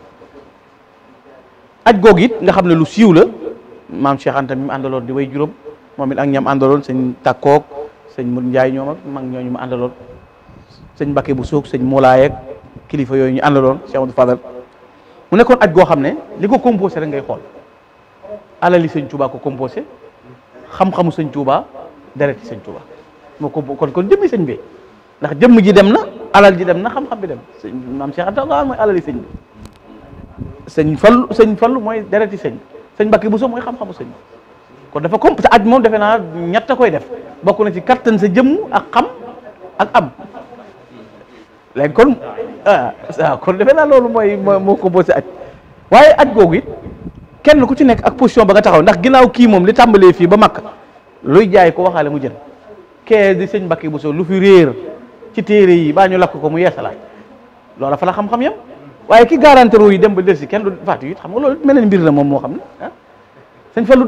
aj goog it nga xam ne lu siiw la maam Cheikh Anta mi mu àndaloon di way juróom moom it ak ñam àndaloon seen Takkoog sëñ mu Njaay ñoom mag ñooñu mu sëñ Mbakke bu suug sëñ Moolaay ak kilifa yooyu ñu àndaloon Cheikh mu nekkoon aj goo xam ne li ko composé rek ngay xool alali sëñ Touba ko composé xam-xamu sëñ tuuba dereti sëñ Touba moo ko kon jëmmi sëñ bi ndax jëmm ji dem na alal ji dem na xam-xam bi dem sëñ maam Cheikh Anta Fall mooy alali sëñ bi sëñ fallu sëñ fallu mooy dereti sëñ mbaki Mbàkke Buso mooy xam-xamu sëñ kon dafa comme sa aj moom defe naa ñett a koy def bokk na ci kattan sa jëmm ak xam ak am léegi kon ah kon loolu mooy moo composé aj waaye aj googu kenn ku ci nekk ak position ba nga taxaw ndax ginaaw kii moom li tàmbalee fii ba mak luy jaay ko waxaale mu jën kee di sëñ Mbàkke Buso lu fi réer ci téere yi baa ñu lakk ko mu yeesalaat loola fa la xam-xam yam waaye ki garanti yi dem ba del si kenn du faatu it xam nga loolu meneen mbir la moom moo xam ne ah sëñ Fallou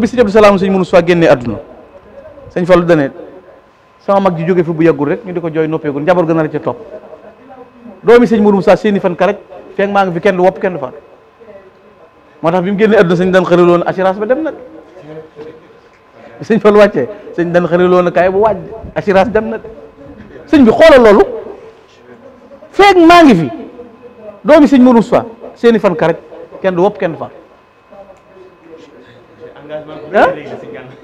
bi sëñ Abdou Salaam sëñ mënu soi génnee adduna sëñ Fallou dane sama mag ji bu yàggul rek ñu di ko jooy noppeegul njaboot gën a la ca topp doomi sëñ Mourou Moussa seeni fan karaj feeg maa ngi fi kenn du wopp kenn du faatu moo tax bi mu génnee adduna sëñ daan xëraloon assurance ba dem nag sëñ Fall wàccee sëñ dan xëriloo na kaay bu wàcc assurance dam na sëñ bi xoolal loolu feeg maa ngi fi doomi sëñ Mourou Moussa seeni fan ka kenn du wopp kenn du far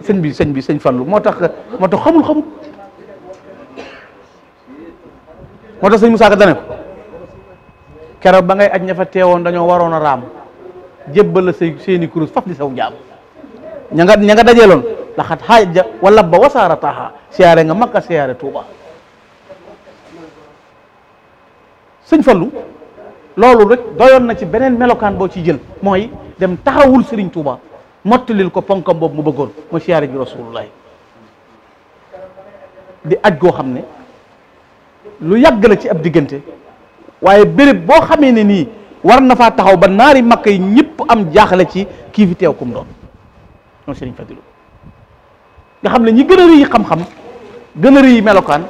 sëñ bi sëñ bi sëñ moo tax moo tax xamul xamul moo tax sëñ Moussa Ka dane ba ngay aj ña fa teewoon dañoo waroon a raam jébbal la say seeni kurus faf di saw jaam ña nga ña nga dajeeloon laxat xaaja wa labba wa saara siyaare nga makka siyaare tuuba sëñ fallu loolu rek doyoon na ci beneen melokaan boo ci jël mooy dem taxawul sëriñ tuuba mottalil ko ponkam boobu mu bëggoon mu siyaare ji rasulullahi di aj goo xam ne lu yàgg la ci ab diggante waaye béréb boo xamee ne nii war na faa taxaw ba naari makka yi ñëpp am jaaxle ci kii fi teew kum doon moom sëriñ Fadilu nga xam ne ñi gën a rëy xam-xam gën a melokaan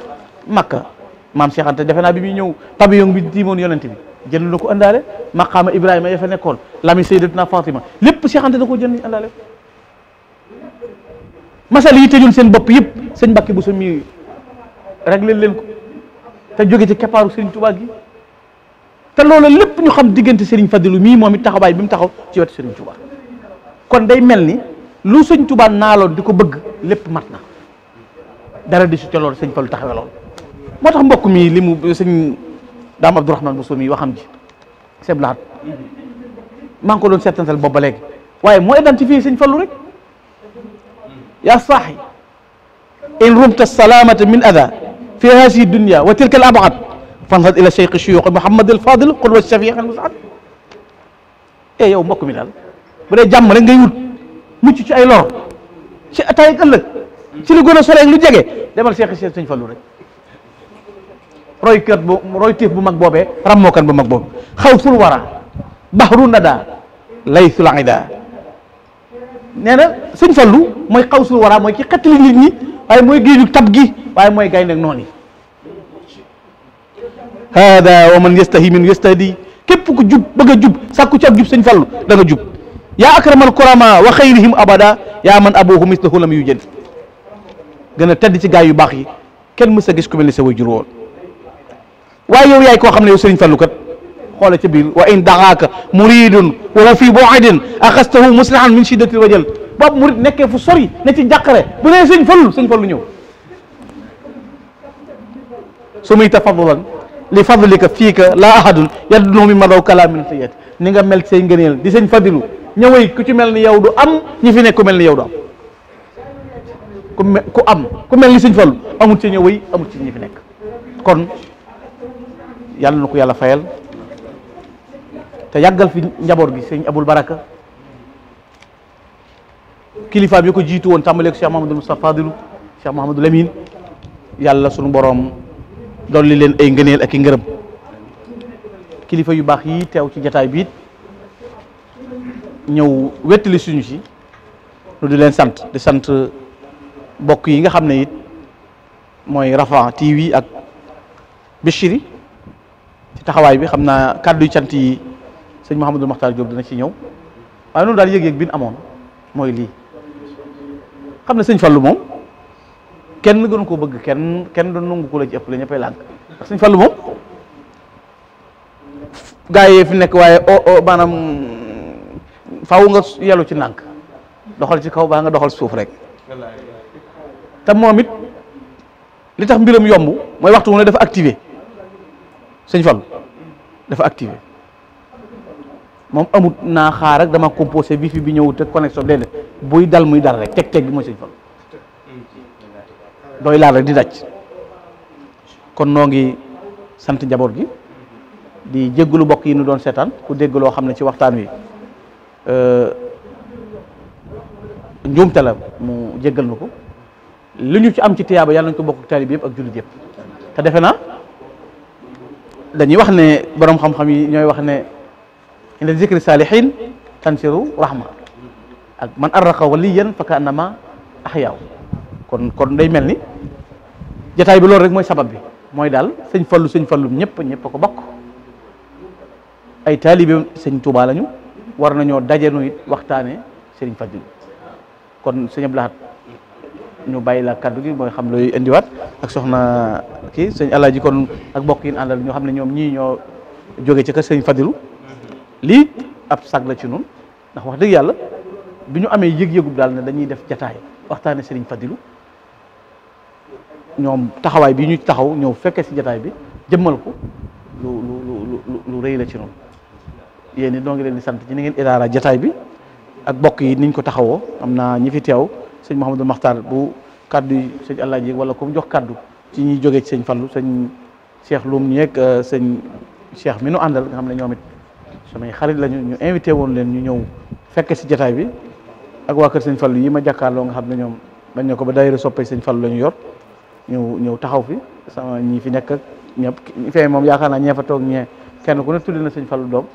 makk maam Cheikh defe naa bi muy ñëw pavillon bi tiimoon yonent bi jënd na ko àndaale maqaama Ibrahima ya fa nekkoon lami Sayyidatuna Fatima lépp Cheikh Anta da koo jënd àndaale masal yi tëjoon seen bopp yëpp sëñ Mbàkke bu sa mi réglé leen ko te jóge ci keppaaru Serigne Touba gi te loolu lépp ñu xam diggante Serigne Fadilu mii moom it taxawaay bi mu taxaw ci wetu Serigne Touba kon day mel ni lu Sëñ Touba naaloon di ko bëgg lépp mat na dara di su ca loolu sëñ Fallu taxawee loolu moo tax mbokk mi li mu sëñ daam Abdourahman Bousso mi waxam ji Sëñ Lahat maa ngi ko doon seetantal boobu ba léegi waaye moo identifié sëñ Fallu rek yaa saaxi in rumta salaamata min ada fi hadihi dunia wa tilka al abaad fanhad ila cheikh shuyuux Muhammad al Fadil qul wa shafiix al musaad e eh yow mbokk mi daal bu dee jàmm rek ngay wut mucc ci ay lor ci tey ëllëg ci lu gën a sore ak lu jege demal seex si sëñ Fallu rek roykat bu roy téef bu mag boobee rammookat bu mag boobu xaw sul wara baxru nada lay sulida nee na sëñ Fallu mooy xaw sul wara mooy ci xettali nit ñi waaye mooy géeju tab gi waaye mooy gay nag noonu hada wa man yastahi min yastahdi képp ku jub bëgg a jub sàkku ci ab jub sëñ Fallu da nga jub yaa akramal kurama wa xayrihim abada yaa man abuhu mislahu lam yujad gën a tedd ci gaay yu baax yi kenn mës a gis ku mel ni sa wajur woon waaye yow yaay koo xam ne yow sëriñ Fallu kat xoola ca biir wa in daxaaka muridun wa fi bu'din axastahu muslihan min shiddati wajal boobu murid nekkee fu sori ne ci jàqare bu nee sëñ Fallu sëñ Fallu ñëw su muy tafadulan li fadlika fiika laa ahadun yadduno mi ma daw kalaamin sayyi'at ni nga mel say ngëneel di sëñ Fadilu ñëwee ku ci mel ni yow du am ñi fi nekk ku mel ni yow du am ku me ku am ku mel ni sëñ Fallu amul ci ñëwee amul ci ñi fi nekk kon yàlla na ko yàlla fayal te yàggal fi njaboot gi sëñ Abul Baraka kilifa bi ko jiitu woon tàmbaleeg Cheikh Mahamadul Mustafa Fadilu Cheikh Mahamadul Amin yàlla sunu boroom dolli leen ay ngëneel ak i ngërëm kilifa yu baax yi teew ci jataay bi ñëw wettali suñu ci lu di leen sant di sant bokk yi nga xam ne it mooy Rafah TV ak Bichri ci taxawaay bi xam naa kàddu cant yi sëñ Mouhamadou Makhtar Diop dina ci ñëw waaye noonu daal yëg-yëg bi amoon mooy lii xam ne sëñ Fallou moom kenn gënu koo bëgg kenn kenn doon nangu ko la ci ëpp la ñëppay lànk ndax sëñ Fallou moom gaa fi nekk waaye o o maanaam faw nga yelu ci ndànk doxal ci kaw baa nga doxal suuf rek te moom it li tax mbiram yomb mooy waxtu mu ne dafa activé sëñ Fall dafa activé moom amut naa xaar rek dama composé wifi bi ñëwut te connexion déedéet buy dal muy dal rek teg-teg bi mooy sëñ Fall dooy laal rek di daj kon noo ngi sant njaboot gi di jéggulu bokk yi nu doon seetaan ku dégg loo xam ne ci waxtaan wi Euh, njuumte la mu jéggal na ko li ñu ci am ci tiyaaba yàlla nañ ko bokk taalib yëpp ak jullit yëpp te defe na dañuy wax ne borom xam-xam yi ñooy wax ne inda zikri saalihin tansiru rahma ak man arraqa waliyan fa kaannama ahyaaw kon kon day mel ni jataay bi loolu rek mooy sabab bi mooy daal sëñ falu sëñ falu ñëpp ñëpp ko bokk ay taalibe sëñ Tuubaa lañu war nañoo daje nu it waxtaane Serigne Fadil kon sëñ Abdou Lahad ñu bàyyi la kàddu gi mooy xam looy indiwaat ak soxna kii sëñ Alaaji kon ak bokk àndal ñoo xam ne ñoom ñii ñoo jóge ci kër Serigne Fadilu lii ab sag la ci noonu ndax wax dëgg yàlla bi ñu amee yëg-yëgub daal ne dañuy def jataay waxtaane Serigne Fadilu ñoom taxawaay bi ñu taxaw ñëw fekke si jataay bi jëmmal ko lu lu lu lu rëy la ci noonu yéen it noo leen di sant ci ni ngeen idaara jataay bi ak bokk yi niñ ko taxawoo am na ñi fi teew sëñ Mouhamadou Makhtar bu kàddu yi sëñ ji wala ku mu jox kàddu ci ñuy jógee ci sëñ Fallu sëñ Cheikh Loum ñeeg euh, sëñ Cheikh mi nu àndal nga xam ne ñoom it samay xarit lañu ñu invité woon leen ñu ñëw fekk si jataay bi ak waa kër sëñ yi ma jàkkaarloo nga xam ne ñoom dañ ne ko ba daayira soppee sëñ Fallu la ñu yor ñëw ñëw taxaw fi sama ñi fi nekk ak ñëpp fee moom yaakaar naa ñee fa toog ñee kenn ku ne na sëñ Fallu doom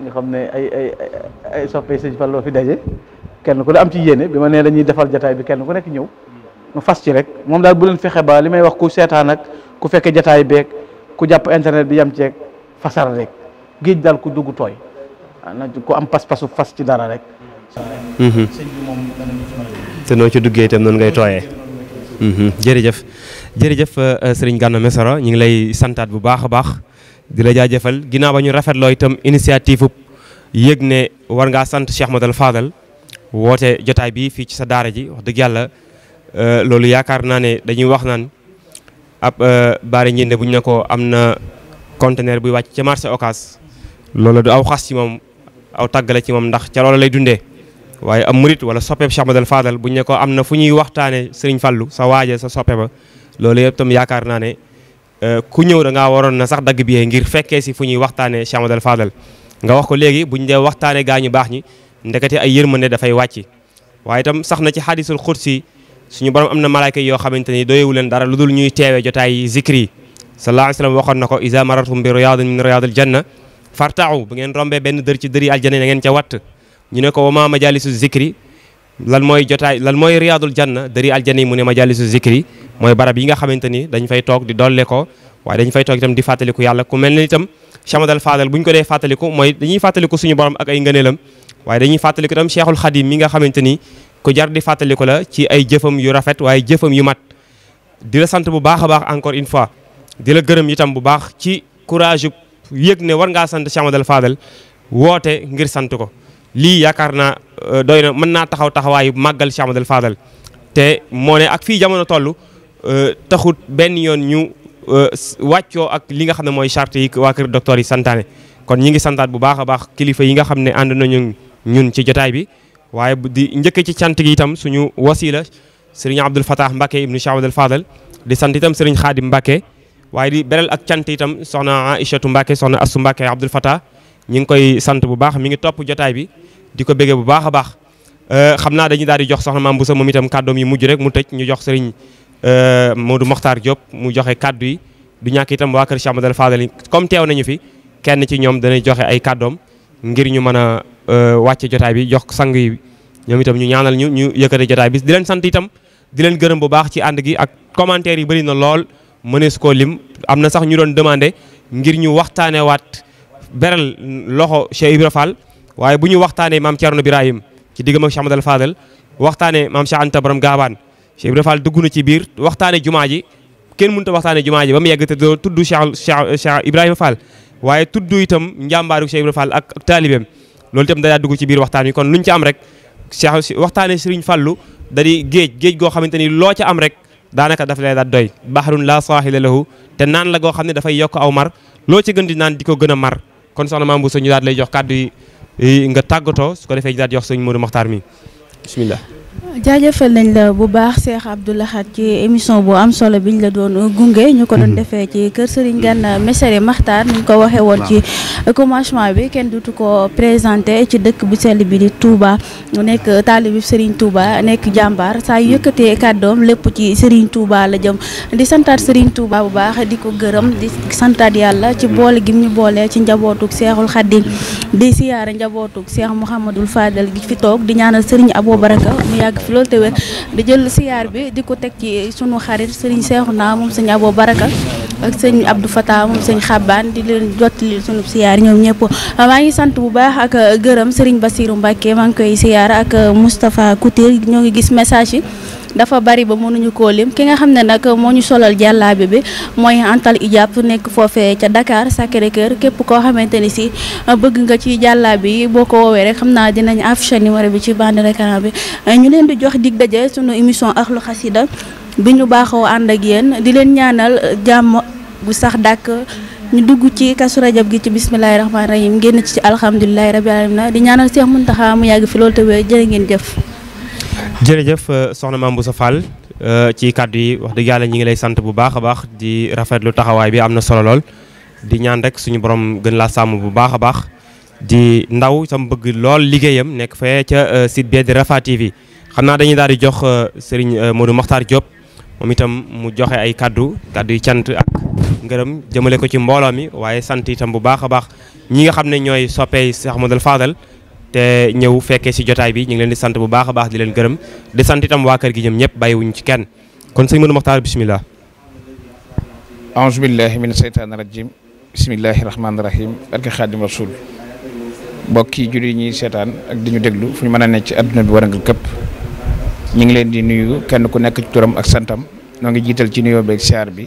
nga xam ne ay ay ay soppe sëñ loo fi daje kenn ku ne am ci yéene bi ma nee lañuy defal jataay bi kenn ku nekk ñëw mu fas ci rek moom daal bu leen fexe ba li may wax ku seetaan ak ku fekkee jataay beeg ku jàpp internet bi yam ceeg fasar rek géej daal ku dugg tooy ah, na ku am pas-pasu fas ci dara rek. Mhm. te noo ci duggee itam noonu ngay tooyee. Mhm. jërëjëf jërëjëf euh, sëriñ Gana Messere ñu ngi lay santaat bu baax a baax. di la jaajëfal ginnaaw ba ñu rafetloo tam initiative yëg ne war ngaa sant Cheikh Madal Fadal woote jotaay bii fii ci sa daara ji wax dëgg yàlla euh, loolu yaakaar naa ne dañuy wax naan ab euh, baari njënd bu ñu ne ko am na conteneur buy wàcc ca marché ocas loolu du aw xas ci moom aw tàggale ci moom ndax ca loola lay dundee waaye am murit wala soppeeb Cheikh Madal Fadal bu ñu ne ko am na fu ñuy waxtaane Serigne fallu sa waaja sa soppe loolu yëpp tam yaakaar naa ne Euh, ku ñëw da ngaa waroon na sax dagg bi ngir fekkee si fu ñuy waxtaanee Cheikh Amadou nga wax ko léegi buñ dee waxtaanee gaa ñu baax ñi ndekete ay yërmande dafay wàcc waaye itam sax na ci xadisul xursi suñu borom am na malaayka yoo xamante ni doyewu leen dara lu dul ñuy teewee jotaay zikri yi sallallahu alayhi wa sallam waxoon na ko iza marartum bi riyadin min riyadil janna fartau bu ngeen rombee benn dër ci dëri aljanna na ngeen ca watt ñu ne ko wa ma majalisu zikri lan mooy jotaay lan mooy riyaadul janna dari aljana yi mu ne majalisu zikri mooy barab yi nga xamante ni dañ fay toog di dolle ko waaye dañ fay toog itam di fàttaliku yàlla ku mel ni itam chamadal fadal bu ko dee fàttaliku mooy dañuy fàttaliku suñu borom ak ay ngëneelam waaye dañuy fàttaliku itam cheikhul mi nga xamante ni ku jar di fàttaliku la ci ay jëfam yu rafet waaye jëfam yu mat di la sant bu baax a baax encore une fois di la gërëm yi tam bu baax ci courage yëg ne war ngaa sant chamadal fadal woote ngir sant ko lii yaakaar naa euh, doy na mën naa taxaw taxawaayu màggal Cheikh Amadou Fadal te moo ne ak fii jamono toll euh, taxut benn yoon ñu euh, wàccoo ak li nga xam ne mooy charte yi waa yi santaane kon ñi ngi santaat baax a baax kilifa yi nga xam ne ànd nañu ñun ci jotaay bi waaye di njëkk ci cant gi itam suñu wasila sëriñ Abdoul Fatah Mbacke ibnu Cheikh Amadou Fadal di sant itam sëriñ Xaadim Mbacke waaye di beral ak cant itam soxna Aïchatou Mbacke soxna Assou Mbacke Abdoul Fatah ñi ngi koy sant bu baax mi ngi topp jotaay bi di ko béggee bu baax a baax euh, xam naa dañuy daal di jox soxna maam Bousso moom itam kàddoom yi mujj rek mu tëj ñu jox sëriñ euh, Modou Mokhtar Diop mu joxe kàddu yi du ñàkk itam waa kër Cheikh Amadou Fadal comme teew nañu fi kenn ci ñoom danay joxe ay kàddoom ngir ñu mën a euh, wàcce jotaay bi jox sang yi ñoom itam ñu ñaanal ñu ñu yëkkate jotaay bi di leen sant itam di leen gërëm bu baax ci ànd gi ak commentaire yi bëri na lool mënees koo lim am na sax ñu doon demandé ngir ñu waxtaanewaat beral loxo Cheikh Ibra waaye bu ñu waxtaane maam Thierno Birahim ci diggam ak Cheikh Amadou Fadel waxtaanee maam Cheikh Anta Borom Gaabaan Cheikh Ibra Fall na ci biir waxtaanee jumaa ji kenn mënut a waxtaanee jumaa ji ba mu yegg te doo tudd Cheikh Ibrahima Fall waaye tudd itam njàmbaaru Cheikh Ibrahima ak taalibem taalibeem loolu itam dadaa dugg ci biir waxtaan wi kon luñ ci am rek Cheikh waxtaanee Serigne Fallou da di géej géej goo xamante ni loo ca am rek daanaka daf lay daal doy baharun la sahila lahu te naan la goo xam ne dafay yokk aw mar loo ci gën di di ko gën a mar kon soxna Mame Bousso ñu daal lay jox kàddu yi nga tàggatoo su ko defee ñu daal jox sëñ Modou Makhtar mi bisimilah. jaajëfal nañ la bu baax Cheikh Abdou Lahad ci émission bu am solo biñ la doon gunge ñu ko doon mhm. defee ci kër Serigne Gana Messere Maxtaar ñu ko waxee woon ci commencement bi kenn dutu ko présenté ci dëkk bu sell bi di Touba mu nekk taalibi Serigne Touba nekk jàmbaar saa yu yëkkatee kàddoom lépp ci Serigne Touba la jëm di santaat Serigne Touba bu baax di ko gërëm di santaat yàlla ci mhm. boole gi ñu boole ci njabootug Seexul xaddi mhm. di siyaara njabootug Cheikh Mouhamadul Fadal gi fi toog di ñaanal Serigne Abo Baraka yàgg fi loolu te wér di jël siyaar bi di ko teg ci sunu xarit sëriñ Seexuna moom sëñ Abo Baraka ak sëñ Abdou Fata moom sëñ Xabaan di leen jot jottali sunu siyaar ñoom ñëpp maa ngi sant bu baax ak gërëm sëriñ Basiru Mbàkke maa ngi koy siyaar ak Moustapha Couture ñoo ngi gis message yi dafa bari ba mënuñu koo lim ki nga xam ne nag moo ñu solal jàllaabe bi mooy Antal Idiap nekk foofee ca dakaar Sacré-Cœur képp koo xamante ni si uh, bëgg nga ci jàllaabe yi boo ko woowee rek xam naa dinañ affiché numéro bi ci bande d'écran bi uh, ñu leen di jox dig daje sunu émission Ahlou Khassida bi ñu baaxoo ànd ak yenn di leen ñaanal jàmm bu sax dàkk ñu dugg ci kasu rajab gi ci bismillahi rahmaani rahim génn ci ci alhamdulilahi rabbil alamin di ñaanal Cheikh Mountakha mu yàgg fi loolu te wéy ngeen jëf jërëjëf euh, soxna Mame Bousso Fall euh, ci kàddu yi wax dëgg yàlla ñi ngi lay sant bu baax a baax di rafetlu taxawaay bi am na solo lool di ñaan rek suñu borom gën laa sàmm bu baax a baax di ndaw sam bëgg lool liggéeyam nekk fee ca euh, site bi di Rafah TV xam naa dañuy daal di jox Serigne Modou Makhtar Diop moom itam mu joxe ay kàddu kàddu yu cant ak ngërëm jëmale ko ci mbooloo mi waaye sant itam bu baax a baax ñi nga xam ne ñooy soppeey Cheikh Modou Fadal te ñëw fekkee si jotaay bi ñu ngi leen di sant bu baax a baax di leen gërëm di sant waa kër gi ñoom ñëpp bàyyiwuñu ci kenn kon sëñ Modou Mokhtar bisimilah. aouzu billahi min seytaani rajim bisimilahi rahmaani rahim barke xaadim rasul mbokk yi jullit ñuy seetaan ak di déglu fu ñu mën a nekk ci adduna bi warangal këpp ñu ngi leen di nuyu kenn ku nekk ci turam ak santam noo ngi jiital ci nuyoo beeg siyaar bi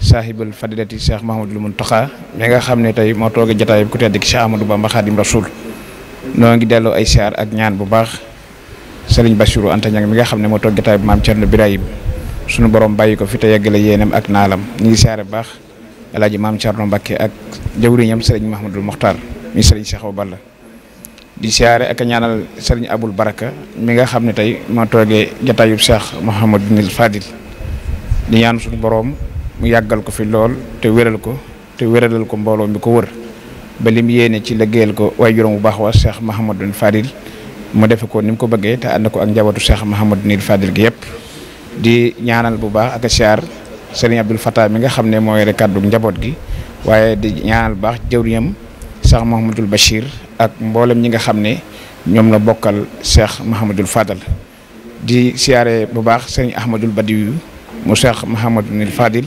saahibul fadilati Cheikh Mahamadul Muntaxa mi nga xam ne tey moo toogee jotaay bi ku tedd ki Cheikh Amadou Bamba xaadim rasul noo ngi delloo ay siyaar ak ñaan bu baax sëriñ Bassirou Anta Niang mi nga xam ne moo toog jotaay bi maam Thierno Birahim sunu borom bàyyi ko fi te yeggale yéenam ak naalam ñu ngi siyaare bu baax El Hadj maam Thierno ak jawriñam sëriñ Mahamadul Mokhtar mi sëriñ Cheikh Balla di siyaare ak ñaanal sëriñ Aboul Baraka mi nga xam ne tey moo toogee jotaayu Cheikh Mouhamadul Fadil di ñaan sunu borom mu yàggal ko fi lool te wéral ko te wéralal ko mbooloo mi ko wër. ba lim yéene ci liggéeyal ko waajuram bu baax wa Cheikh Mahamadou Fadil mu defe ko ni mu ko bëggee te ànd ko ak njabootu Cheikh Mahamadou Fadil gi yëpp di ñaanal bu baax ak siyaar Serigne Abdoul Fatah mi nga xam ne mooy yore kàddu njaboot gi waaye di ñaanal bu baax jëwriñam Cheikh Mahamadou Bachir ak mboolem ñi nga xam ne ñoom la bokkal Cheikh Mahamadou Fadal di siyaare bu baax Serigne Ahmadul Badiyu mu Cheikh Mahamadou Fadil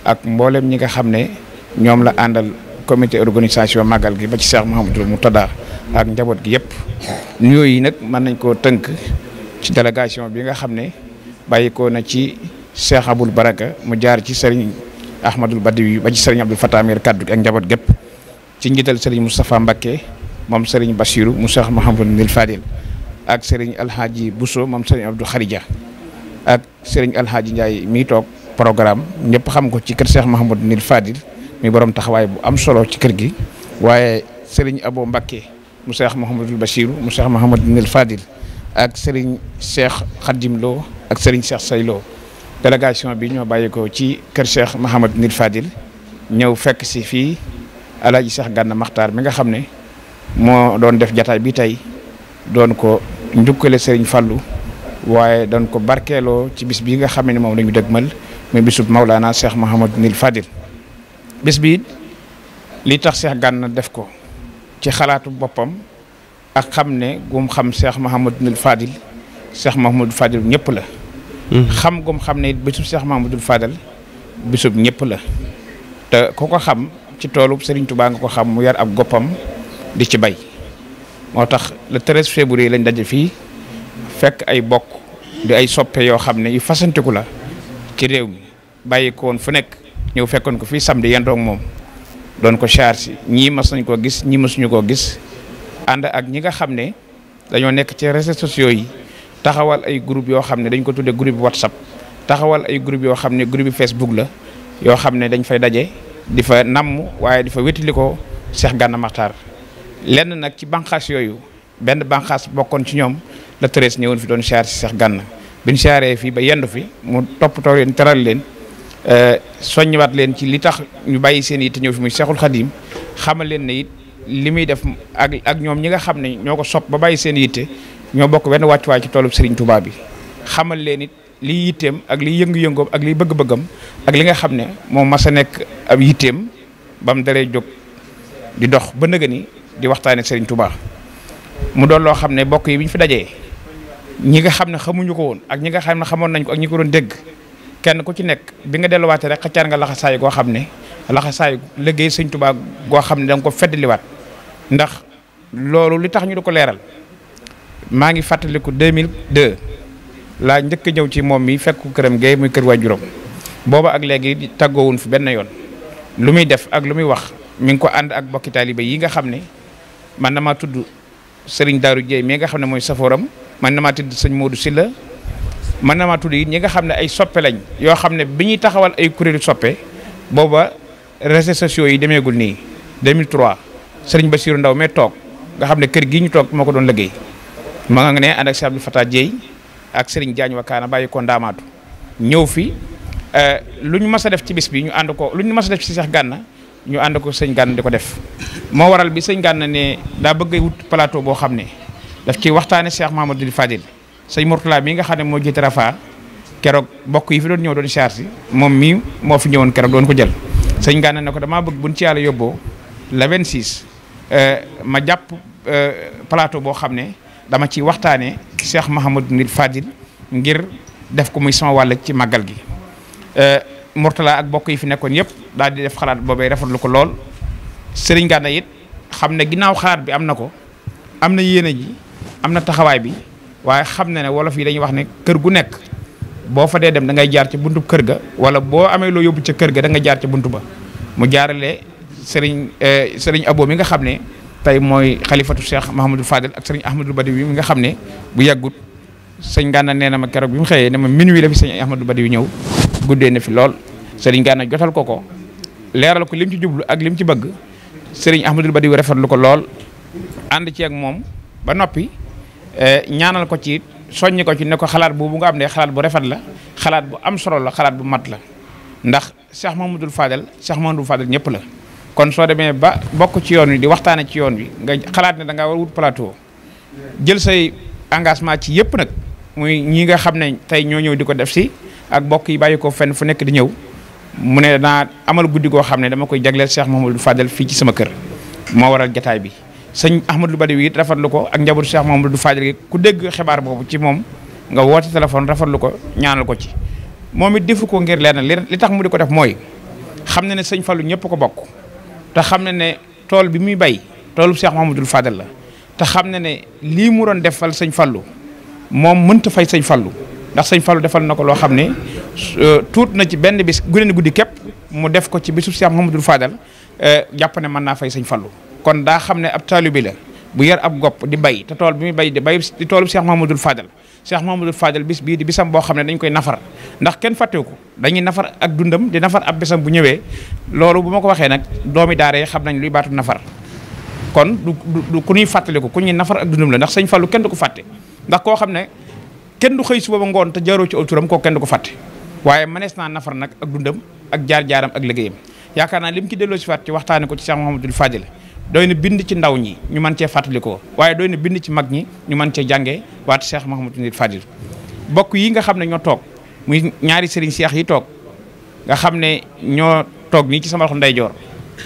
ak mboolem ñi nga xam ne ñoom la àndal. comité organisation màggal gi ba ci Cheikh Mouhamadou Mourtada ak njaboot gi yëpp yooyu nag man nañ ko tënk ci délégation bi nga xam ne bàyyi ko na ci Cheikh Aboul Baraka mu jaar ci sëriñ Ahmadul Badawi ba ci sëriñ Abdou Fatah Mir kaddu gi ak njaboot gépp ci njiital sëriñ Moustapha Mbacké moom sëriñ Bassirou mu Cheikh Mouhamadou Nil Fadil ak sëriñ Alhaji Bousso moom sëriñ Abdou Kharija ak sëriñ Alhaji Ndiaye mii toog programme ñëpp xam ko ci mi borom taxawaay bu am solo ci kër gi waaye Serigne Abo Mbakke mu Cheikh Mouhamadul Bachiru mu Cheikh Mouhamadul Fadil ak sëriñ Cheikh Khadim Lo ak Serigne Cheikh Saylo délégation bi ñoo bàyyeekoo ci kër Cheikh Mouhamadul Fadil ñëw fekk si fii Alaaji Cheikh Gànna Maxtaar mi nga xam ne moo doon def jataay bi tey doon ko njukkale sëriñ Fallou waaye doon ko barkeeloo ci bis bi nga xam ne moom la ñu dëgmal muy bisub Maulana Cheikh Mouhamadul Fadil. bés bi li tax seex Cheikh na def ko ci xalaatu boppam ak xam ne gum xam Cheikh Mahamadul Fadil Cheikh Mahamadul Fadil ñëpp la. Hmm. xam gum xam ne bésub Cheikh Mahamadul Fadal bésub ñépp la te ku ko xam ci toolu Serigne Touba nga ko xam mu yar ab goppam di ci bay moo tax la 13 février lañ daje fii fekk ay bokk di ay soppe yoo xam ne yu fasantiku la ci réew mi bàyyi ko fu nekk. ñëw fekkoon ko fii samedi yendoog moom doon ko charge ñii mas nañ koo gis ñii masuñu koo gis ànd ak ñi nga xam ne dañoo nekk ci réseaux sociaux yi taxawal ay groupe yoo xam ne dañ ko tuddee groupe whatsapp taxawal ay groupe yoo xam ne groupe facebook la yoo xam ne dañ fay daje di fa namm waaye difa fa wétali ko Cheikh Gana Makhtar lenn nag ci banqaas yooyu benn banqaas bokkoon ci ñoom la treize ñëwoon fi doon charge Cheikh Gana biñ chargé fii ba yendu fi mu toppatoo leen teral leen euh, soññiwaat leen ci li tax ñu bàyyi seen yitte ñëw fi muy Seexul Xadiim xamal leen ne it li muy def ak ak ñoom ñi nga xam ne ñoo ko sopp ba bàyyi seen yitte ñoo bokk benn wàccuwaay ci toolub seriñ Touba bi xamal leen it liy yitteem ak liy yëngu-yëngoom ak liy bëgg-bëggam ak li nga xam ne moom masa nekk ab yitteem ba mu daree jóg di dox ba nëgë di waxtaane Serigne Touba mu doon loo xam ne bokk yi bi fi dajee ñi nga xam ne xamuñu ko woon ak ñi nga xam ne xamoon nañ ko ak ñi ko doon dégg kenn ku ci nekk bi nga delluwaatee rek xëccaar nga laxasaayu goo xam ne laxasaayu liggéey sëñ tubaab goo xam ne danga nga ko feddliwaat ndax loolu li tax ñu du ko leeral maa ngi fàttaliku 2002 laa njëkk ñëw ci moom mi fekk këram gay muy kër waa juróom booba ak léegi tàggoowun fu benn yoon lu muy def ak lu muy wax mi ngi ko ànd ak bokki taalibe yi nga xam ne man damaa tudd sëriñ daaru Dieye mi nga xam ne mooy safooram man damaa tudd sëñ Modou Sylla mën na maa tudd it ñi nga xam ne ay soppe lañ yoo xam ne bi ñuy taxawal ay kuréelu soppe booba réseaux sociaux yi demeegul nii 2003 sëriñ Bassirou Ndaw mee toog nga xam ne kër gii ñu toog moo ko doon liggéey ma nga ne ànd ak Cheikh Abdou Fatah Dieye ak sëriñ Diagne Wakana bàyyi ko ndaamaatu ñëw fi euh, lu ñu mas a def ci bis ñu ànd ko lu ñu mas a def ci Cheikh Gànna ñu ànd ko sëñ Gànna di ko def moo waral bi sëñ Gànna ne daa bëgg wut plateau boo xam ne daf ciy waxtaane Cheikh Mahamadou Fadil sëñ Mourtala mi nga xam ne moo jiite Rafa keroog mbokk yi fi doon ñëw doon charge moom mii moo fi ñëwoon keroog doon ko jël sëñ Gana ne ko damaa bëgg buñ ci yàlla yóbboo le 26 euh, ma jàpp euh, plateau boo xam ne dama ci waxtaanee Cheikh Mahamadou Fadil ngir def ko muy sama ci màggal gi euh, Mourtala ak mbokk yi fi nekkoon yëpp daal di def xalaat boobee rafetlu ko lool sëriñ Gana it xam ne ginnaaw xalaat bi am na ko am na yeneen ji am na taxawaay bi waaye xam na ne wolof yi dañuy wax ne kër gu nekk boo fa dee dem da ngay jaar ci buntu kër ga wala boo amee loo yóbbu ca kër ga da nga jaar ca buntu ba mu jaarale sëriñ eh, sëriñ abo mi nga xam ne tey mooy xalifatu cheikh mahamadou fadel ak sëriñ ahmadou badi mi nga xam ne bu yàggut sëñ gànna nee na ma keroog bi mu xëyee ne ma minuit la fi sëñ ahmadou badi ñëw guddee na fi lool sëriñ gànna jotal ko ko leeral ko lim ci jublu ak lim ci bëgg sëriñ ahmadou badi rafetlu ko lool ànd ci ak moom ba noppi Eh, ñaanal ko ci soññi ko ci ne ko xalaat boobu nga am ne xalaat bu rafet la xalaat bu am solo la xalaat bu mat la ndax Cheikh Mamadou Fadel Cheikh Mamadou Fadel ñëpp la kon soo demee ba bokk ci yoon wi di waxtaane ci yoon wi nga xalaat ne da ngaa war wut jël say engagement ci yëpp nag muy ñi nga xam ne tey ñoo ñëw di ko def si ak bokk yi bàyyi ko fenn fu nekk di ñëw mu ne naa amal guddi koo xam ne dama koy jagleel Cheikh Mamadou Fadel fii ci sama kër moo waral jataay bi sëñ Ahmadou Badawi it rafetlu ko ak njabootu Cheikh Mamadou Fadil gi ku dégg xibaar boobu ci moom nga woote téléphone rafetlu ko ñaanal ko ci. moom it defu ko ngir lenn li tax mu di ko def mooy xam na ne sëñ fallu ñëpp ko bokk te xam na ne tool bi muy bay toolu Cheikh Mamadou Fadil la te xam na ne lii mu doon fal sëñ Fallou moom mënta fay sëñ Fallou ndax sëñ Fallou defal na ko loo xam ne euh, tuut na ci benn bis ne guddi képp mu def ko ci bisu Cheikh Mamadou Fadal euh, jàpp ne mën naa fay sëñ Fallou. kon daa xam ne ab bi la bu yor ab gopp di bay te tool bi muy bay di bay di toolu Cheikh Mahamadul Fadal Cheikh Mahamadul Fadal bis bii di bisam boo xam ne dañ koy nafar ndax kenn fàttewu ko dañuy nafar ak dundam di nafar ab bisam bu ñëwee loolu bu ma ko waxee nag doomi daara xam nañ luy baatu nafar kon du du ku ñuy fàttaliku ku ñuy nafar ak dundam la ndax sëñ falu kenn du ko fàtte ndax koo xam ne kenn du ngoon te jaaroo ci aw turam koo kenn du ko fàtte waaye mënees naa nafar nag ak dundam ak jaar-jaaram ak liggéeyam yaakaar naa li mu ci delloo si fàtte waxtaane ko ci Cheikh Mahamadul Fadal doy na bind ci ndaw ñi ñu mën cee fàttalikoo waaye doy na bind ci mag ñi ñu mën cee jàngee waat ma Mouhamadou Ndil Fadil bokk yi nga xam ne ñoo toog muy ñaari sëriñ Cheikh yi toog nga xam ne ñoo toog nii ci sama ndeyjoor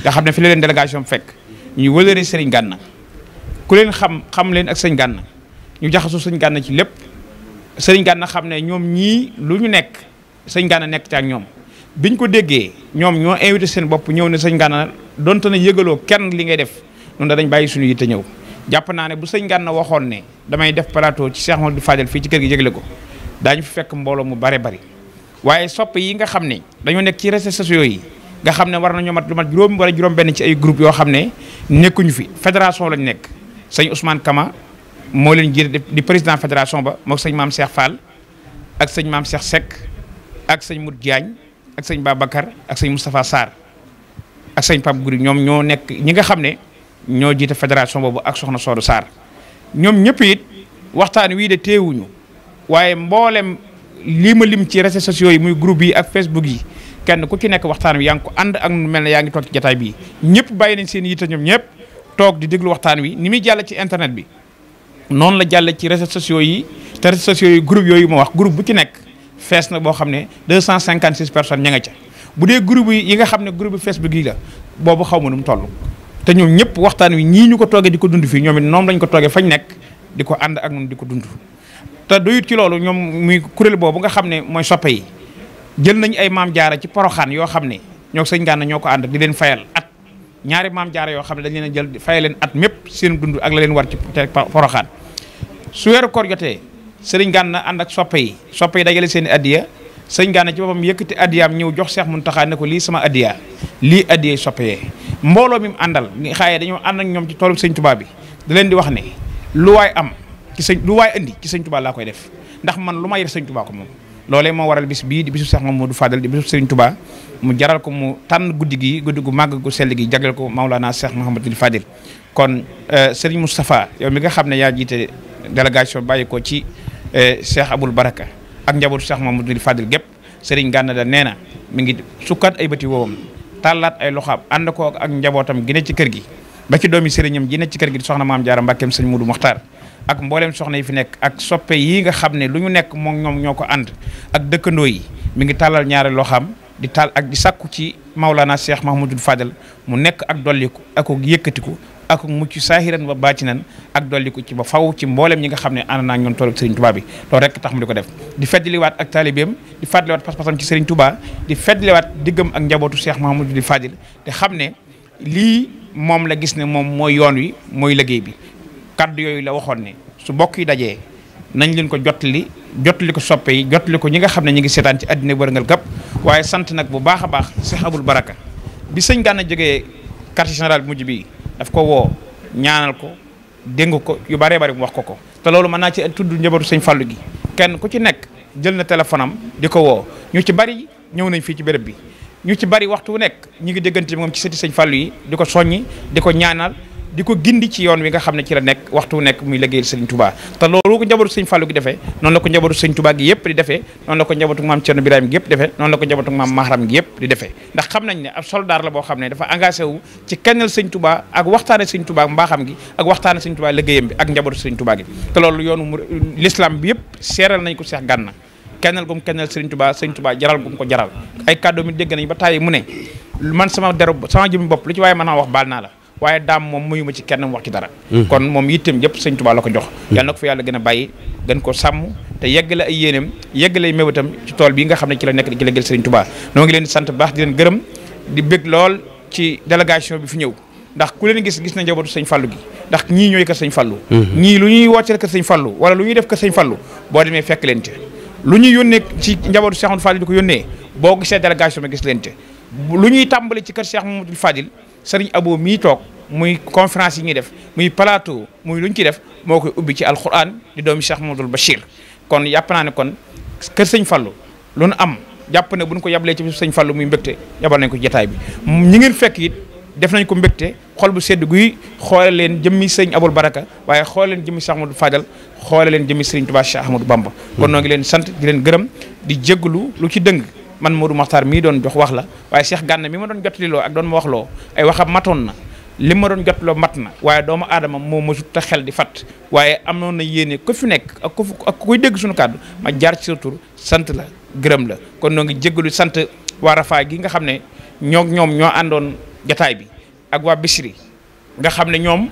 nga xam ne fi la leen délégation fekk ñu wëlëre sëriñ Gànna ku leen xam xam leen ak sëñ Gànna ñu jaxasu sëñ Gànna ci lépp sëriñ Gànna xam ne ñoom ñii lu ñu nekk sëñ Gànna nekk ci ak ñoom biñ ko déggee ñoom ñoo invité seen bopp ñëw ne sëñ donte na yëgaloo kenn li ngay def noonu dañ bàyyi suñu yitte ñëw jàpp naa ne bu sëñ na waxoon ne damay def plateau ci Cheikh di Fadel fii ci kër gi yëgle ko daañu fi fekk mbooloo mu bare bari waaye sopp yi nga xam ne dañoo nekk ci réseaux sociaux yi nga xam ne war nañoo mat lu mat juróom wala juróom benn ci ay groupe yoo xam ne nekkuñu fi fédération lañ nekk sëñ Ousmane Kama moo leen jiite di président fédération ba mook sëñ Maam seex Fall ak sëñ Maam Cheikh Seck ak sëñ Mout Diagne ak sëñ Babacar ak sëñ Moustapha Sarr ak sëñ Pape Guri ñoom ñoo nekk ñi nga xam ne ñoo jiite fédération boobu ak soxna Soodu saar ñoom ñëpp it waxtaan wii de teewuñu waaye mboolem lii ma lim ci réseaux sociaux yi muy groupe yi ak Facebook yi kenn ku ci nekk waxtaan wi yaa ngi ko ànd ak mel ne yaa ngi toog ci jataay bi ñëpp bàyyi nañ seen yitte ñoom ñëpp toog di déglu waxtaan wi ni muy jàll ci internet bi noonu la jàll ci réseaux sociaux yi te réseaux sociaux yi groupe yooyu ma wax groupe bu ci nekk fees na boo xam ne 256 personnes ña nga ca. bu dee groupe yi nga xam ne groupe Facebook yi la boobu xaw ma nu mu toll te ñoom ñëpp waxtaan wi ñii ñu ko toogee di ko dund fii ñoom it noonu ko toogee fañ nekk di ko ànd ak ñun di ko dund te doyut ci loolu ñoom muy kuréel boobu nga xam ne mooy soppe yi jël nañ ay maam jaara ci poroxaan yoo xam ne ñoo sëñ Gana ñoo ko ànd di leen fayal at ñaari maam jaara yoo xam ne dañ leen a jël fayal leen at mépp seen dund ak la leen war ci poroxaan su weeru koor jotee sëriñ Gana ànd ak soppe yi soppe yi dajale seeni i addiya sëñ Gana ci boppam yëkkati addiyaam ñëw jox Cheikh Mountakha ne ko lii sama addiya lii addiyay soppeyee mbooloo mi mu àndal xaaye dañoo ànd ñoom ci toolu sëñ Touba bi da leen di wax ne lu waay am ci sëñ lu waay indi ci sëñ tubaa laa koy def ndax man lu may yëf sëñ Touba ko moom loolee moo waral bis bii di bisu Cheikh du Fadal di bisu sëñ tubaa mu jaral ko mu tànn guddi gi guddi gu màgg gu sell gi jagleel ko Maulana Cheikh Mouhamadul Fadil kon euh, Serigne Moustapha yow mi nga xam ne yaa jiite délégation bàyyi ko ci euh, Cheikh Baraka ak njabootu Cheikh Mamadou Fadil gépp Serigne ganna da neena na mi ngi sukkat ay bëti woowam tàllaat ay loxaam ànd ak njabootam gi ci kër gi ba ci doom yi ji ne ci kër gi di soxna maam jaara mbàkkeem sëñ Mudu Muxtaar ak mbooleem soxna yi fi nekk ak soppe yi nga xam ne lu ñu nekk moom ñoom ñoo ko ànd ak dëkkandoo yi mi ngi tàllal ñaari loxaam di taal ak di sàkku ci Maulana Cheikh Mahmoudou Fadel mu nekk ak dolliku ak yëkkatiku ak mucc saahiran wa baatinan ak dolli ko ci ba faw ci mboolem ñi nga xam ne ànd naa ñoom toolu Serigne Touba bi loolu rek tax mu di ko def di feddliwaat ak taalibeem di fàttaliwaat pas-pasam ci Serigne Touba di feddliwaat diggam ak njabootu Cheikh Mahamadou di Fadil te xam ne lii moom la gis ne moom mooy yoon wi mooy liggéey bi kaddu yooyu la waxoon ne su bokk yi dajee nañ leen ko jottali jottali ko soppe yi jottali ko ñi nga xam ne ñu ngi seetaan ci àddina wërngal gàpp waaye sant nag bu baax a baax Cheikh Abul Baraka bi sëñ Gana jógee quartier mujj bii daf ko woo ñaanal ko dénk ko yu bëree bëri mu wax ko ko te loolu mën naa ci tudd njabootu sëñ fallu gi kenn ku ci nekk jël na téléphone am di ko woo ñu ci bari ñëw nañ fii ci béréb bi ñu ci bari waxtu wu nekk ñu ngi déggante moom ci sëti sëñ Fallou yi di ko soññi di ko ñaanal di ko gindi ci yoon wi nga xam ne ci la nekk waxtu nekk muy liggéeyal sëriñ Touba te loolu ko njabootu sëriñ Fallou gi defee noonu la ko njabootu sëriñ Touba gi yëpp di defee noonu la ko njabootu maam Thierno Birahim gi yëpp defee noonu la ko njabootu maam Mahram gi di defee ndax xam nañ ne ab soldaar boo xam ne dafa engagé wu ci kennal sëriñ Touba ak waxtaane sëriñ Touba mbaaxam gi ak waxtaane sëriñ liggéeyam bi ak njabootu sëriñ Touba gi te loolu yoonu l'islam bi yëpp seeral nañ ko Seex Gànna kennal gum kennal sëñ tubaa Serigne Touba jaral gum ko jaral ay kàddu mi dégg nañ ba tàyyi mu ne man sama deru sama jëmi bopp lu ci waaye mën a wax baal naa la waaye daam moom muyu ma ci kenn wax ci dara hmm. kon moom yittem yëpp sëñ Tuubaa la ko jox hmm. yàlla na ko fa yàlla gën a bàyyi gën ko sàmm te yeggale ay yéeneem yegg ay méwatam ci tool bi nga xam ne ci la nekk ci la gël sëriñ Tuubaa noo ngi leen di sant baax di leen gërëm di bëgg lool ci délégation bi fi ñëw ndax ku leen gis gis na njabootu sëñ Fallu gi ndax ñii ñooy kër sañ Fallu hmm. ñii lu ñuy wooteel kër sañ Fallu wala lu ñuy def kër sëñ Fallu boo demee fekk leen lu ñuy yónnee ci njabootu Cheikh Fallu di ko yónnee boo gisee délégation bi gis leen lu ñuy tàmbale ci kër Cheikh Mamadou Fadil sëriñ Abo mii toog muy conférence yi ñuy def muy palaato muy lu ñu ci def moo koy ubbi ci alquran di doomi Cheikh Mamadul Bachir kon yàpp naa ne kon kër sëñ Fallu lu am jàpp ne bu ñu ko yablee ci sëñ Fallu muy mbégte yabal nañ ko jotaay bi ñi ngeen fekk it def nañ ko mbégte xol bu sedd guy xoole leen jëmmi sëñ Abul Baraka waaye xoole leen jëmmi Cheikh Ahmadou Fadal xoole leen jëmmi sëriñ Tuubaa Cheikh Ahmadou Bamba kon noo ngi leen sant di leen gërëm di jégalu lu ci dëng man Modou Makhtar mii doon jox wax la waaye Cheikh Gana mi ma doon jottiloo ak doon ma wax loo ay wax a matoon na li ma doon jottiloo mat na waaye doomu aadama moo mosut te xel di fat waaye am na yéene ko fi nekk ak ko ak koy dégg suñu kàddu ma jaar ci sant la gërëm la kon noo ngi jéggalu sant waa Rafa gi nga xam ne ñoo ñoom ñoo àndoon jataay bi ak waa Bichri nga xam ne ñoom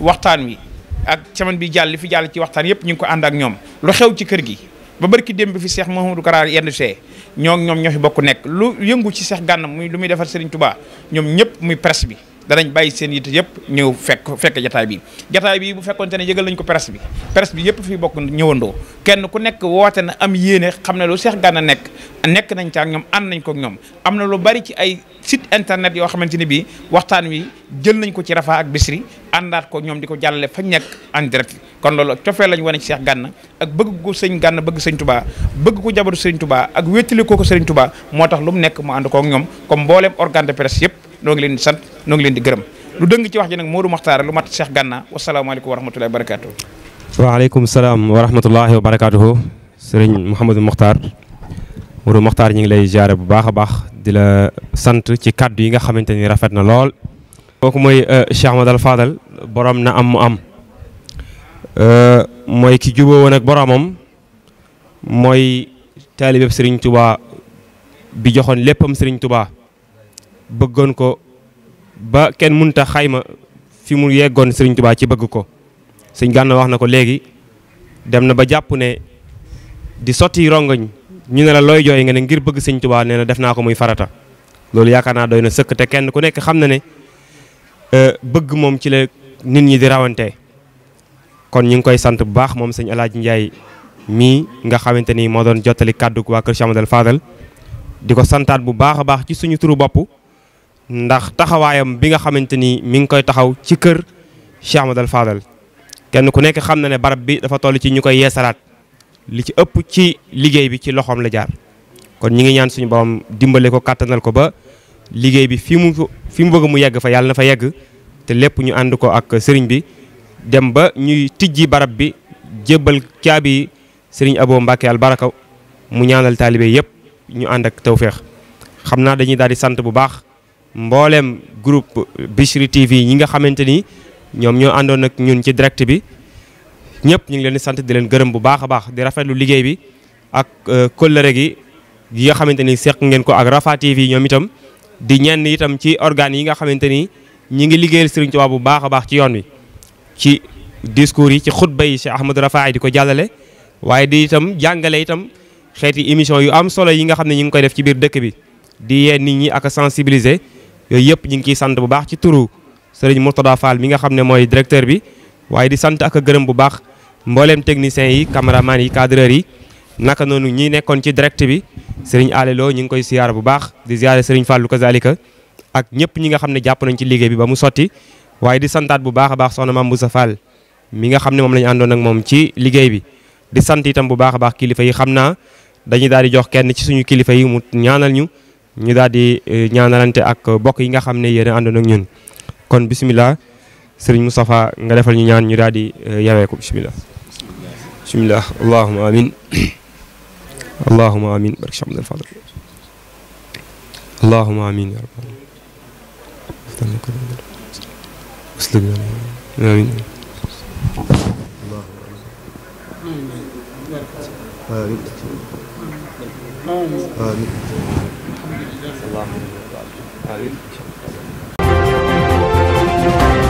waxtaan wi ak semaine bi jàll li fi jàll ci waxtaan yëpp ñu ngi ko ànd ak ñoom lu xew ci kër gi ba barki démb bi fi Cheikh Mahamadou Kara yendu see ñoo ñoom ñoo fi bokk nekk lu yëngu ci Cheikh gànn muy lu muy defar Serigne tubaa ñoom ñëpp muy presse bi danañ bàyyi seen yitte yëpp ñëw fekk fekk jataay bi jataay bi bu fekkonte ne yëgal nañ ko presse bi presse bi yëpp fi bokk ñëwandoo kenn ku nekk woote na am yéene xam ne lu seex Gànna nekk nekk nañ ca ak ñoom ànd nañ ko ak ñoom am na lu bari ci ay site internet yoo xamante ni bii waxtaan wi jël nañ ko ci Rafah ak Bichri àndaat ko ñoom di ko jàllale fañ nekk en direct kon loolu cofee lañ wane ci Cheikh Gana ak bëgg ko sëñ Gana bëgg sëñ Touba bëgg ko jabaru sëñ Touba ak wéttali ko ko sëñ Touba moo tax lu mu nekk mu ànd kook ñoom comme mbooleem organe de presse yëpp noo ngi leen di sant noo ngi leen di gërëm lu dëng ci wax ji nag Modou Makhtar lu mat Cheikh Gana wasalaamaaleykum wa rahmatulahi wa barakatuh waaleykum salaam wa rahmatullahi wa barakatuhu sëriñ Mouhamadou Makhtar Mourou Mokhtar ñu ngi lay jaare bu baax a baax di la sant ci kàddu yi nga xamante ni rafet na lool. kooku mooy euh, Cheikh Madal Fadal boroom na am mu am euh, mooy ki juboo woon ak boromam mooy taalibeb Serigne Touba bi joxoon léppam Serigne Touba bëggoon ko ba kenn mënta xayma fi mu yeggoon Serigne Touba ci bëgg ko sëñ Gànna wax na ko léegi dem na ba jàpp ne di sotti rongoñ. ñu ne la looy jooy nga ne ngir bëgg sëñ Tuubaa nee na def naa ko muy farata loolu yaakaar naa doy na sëkk te kenn ku nekk xam na ne euh, bëgg moom ci la nit ñi di rawante kon ñu ngi koy sant bu baax moom sëñ El Ndiaye mii nga xamante ni moo doon jottali kàddu waa kër Cheikh Amadou di ko santaat bu baax a baax ci suñu turu bopp ndax taxawaayam bi nga xamante ni mi ngi koy taxaw ci kër Cheikh Amadou Fadal kenn ku nekk xam na ne barab bi dafa toll ci ñu koy yeesalaat li ci ëpp ci liggéey bi ci loxoom la jaar kon ñi ngi ñaan suñu borom dimbale ko kàttanal ko ba liggéey bi fi mu fi mu bëgg mu yegg fa yàlla na fa yegg te lépp ñu ànd ko ak sëriñ bi dem ba ñuy tijji barab bi jébbal caabi sëriñ Abo Mbacke albaraka mu ñaanal taalibe yëpp ñu ànd ak tawféex xam naa dañuy daal di sant bu baax mbooleem groupe Bichri TV ñi nga xamante ni ñoom ñoo àndoon ak ñun ci direct bi ñëpp ñu ngi leen di sant di leen gërëm bu baax a baax di rafetlu liggéey bi ak euh, kóllëre gi yi nga xamante ni seq ngeen ko ak Rafah TV ñoom itam di ñenn itam ci organes yi nga xamante ni ñi ngi liggéeyal Serigne bu baax a baax ci yoon wi ci discours yi ci xutba yi Cheikh Ahmadou Rafah di ko jàllale waaye di itam jàngale itam xeeti émission yu am solo yi nga xam ne ñu ngi koy def ci biir dëkk bi di yee nit ñi ak sensibiliser yooyu yëpp ñu ngi ciy sant bu baax ci turu Serigne Mourtada Fall mi nga xam ne mooy directeur bi waaye di sant ak gërëm bu baax mbooleem techniciens yi caméraman yi cadreurs yi naka noonu ñi nekkoon ci direct bi sëriñ Allé Lo ñu ngi koy siyaar bu baax di siyaare sëriñ Fallou kazalika ak ñëpp ñi nga xam ne jàpp nañ ci liggéey bi ba mu sotti waaye di santaat bu baax a baax soxna Mame Moussa Fall mi nga xam ne moom la àndoon ak moom ci liggéey bi di sant itam bu baax a baax kilifa yi xam naa dañuy daal di jox kenn ci suñu kilifa yi mu ñaanal ñu ñu daal di eh, ñaanalante ak bokk yi nga xam ne yéen a àndoon ñun kon bisimilah sëriñ Moustapha nga defal ñu ñaan ñu daal di eh, yawee ko amin allahuma amin barke Cheikh Abdou Fadal amin ya rabbal amin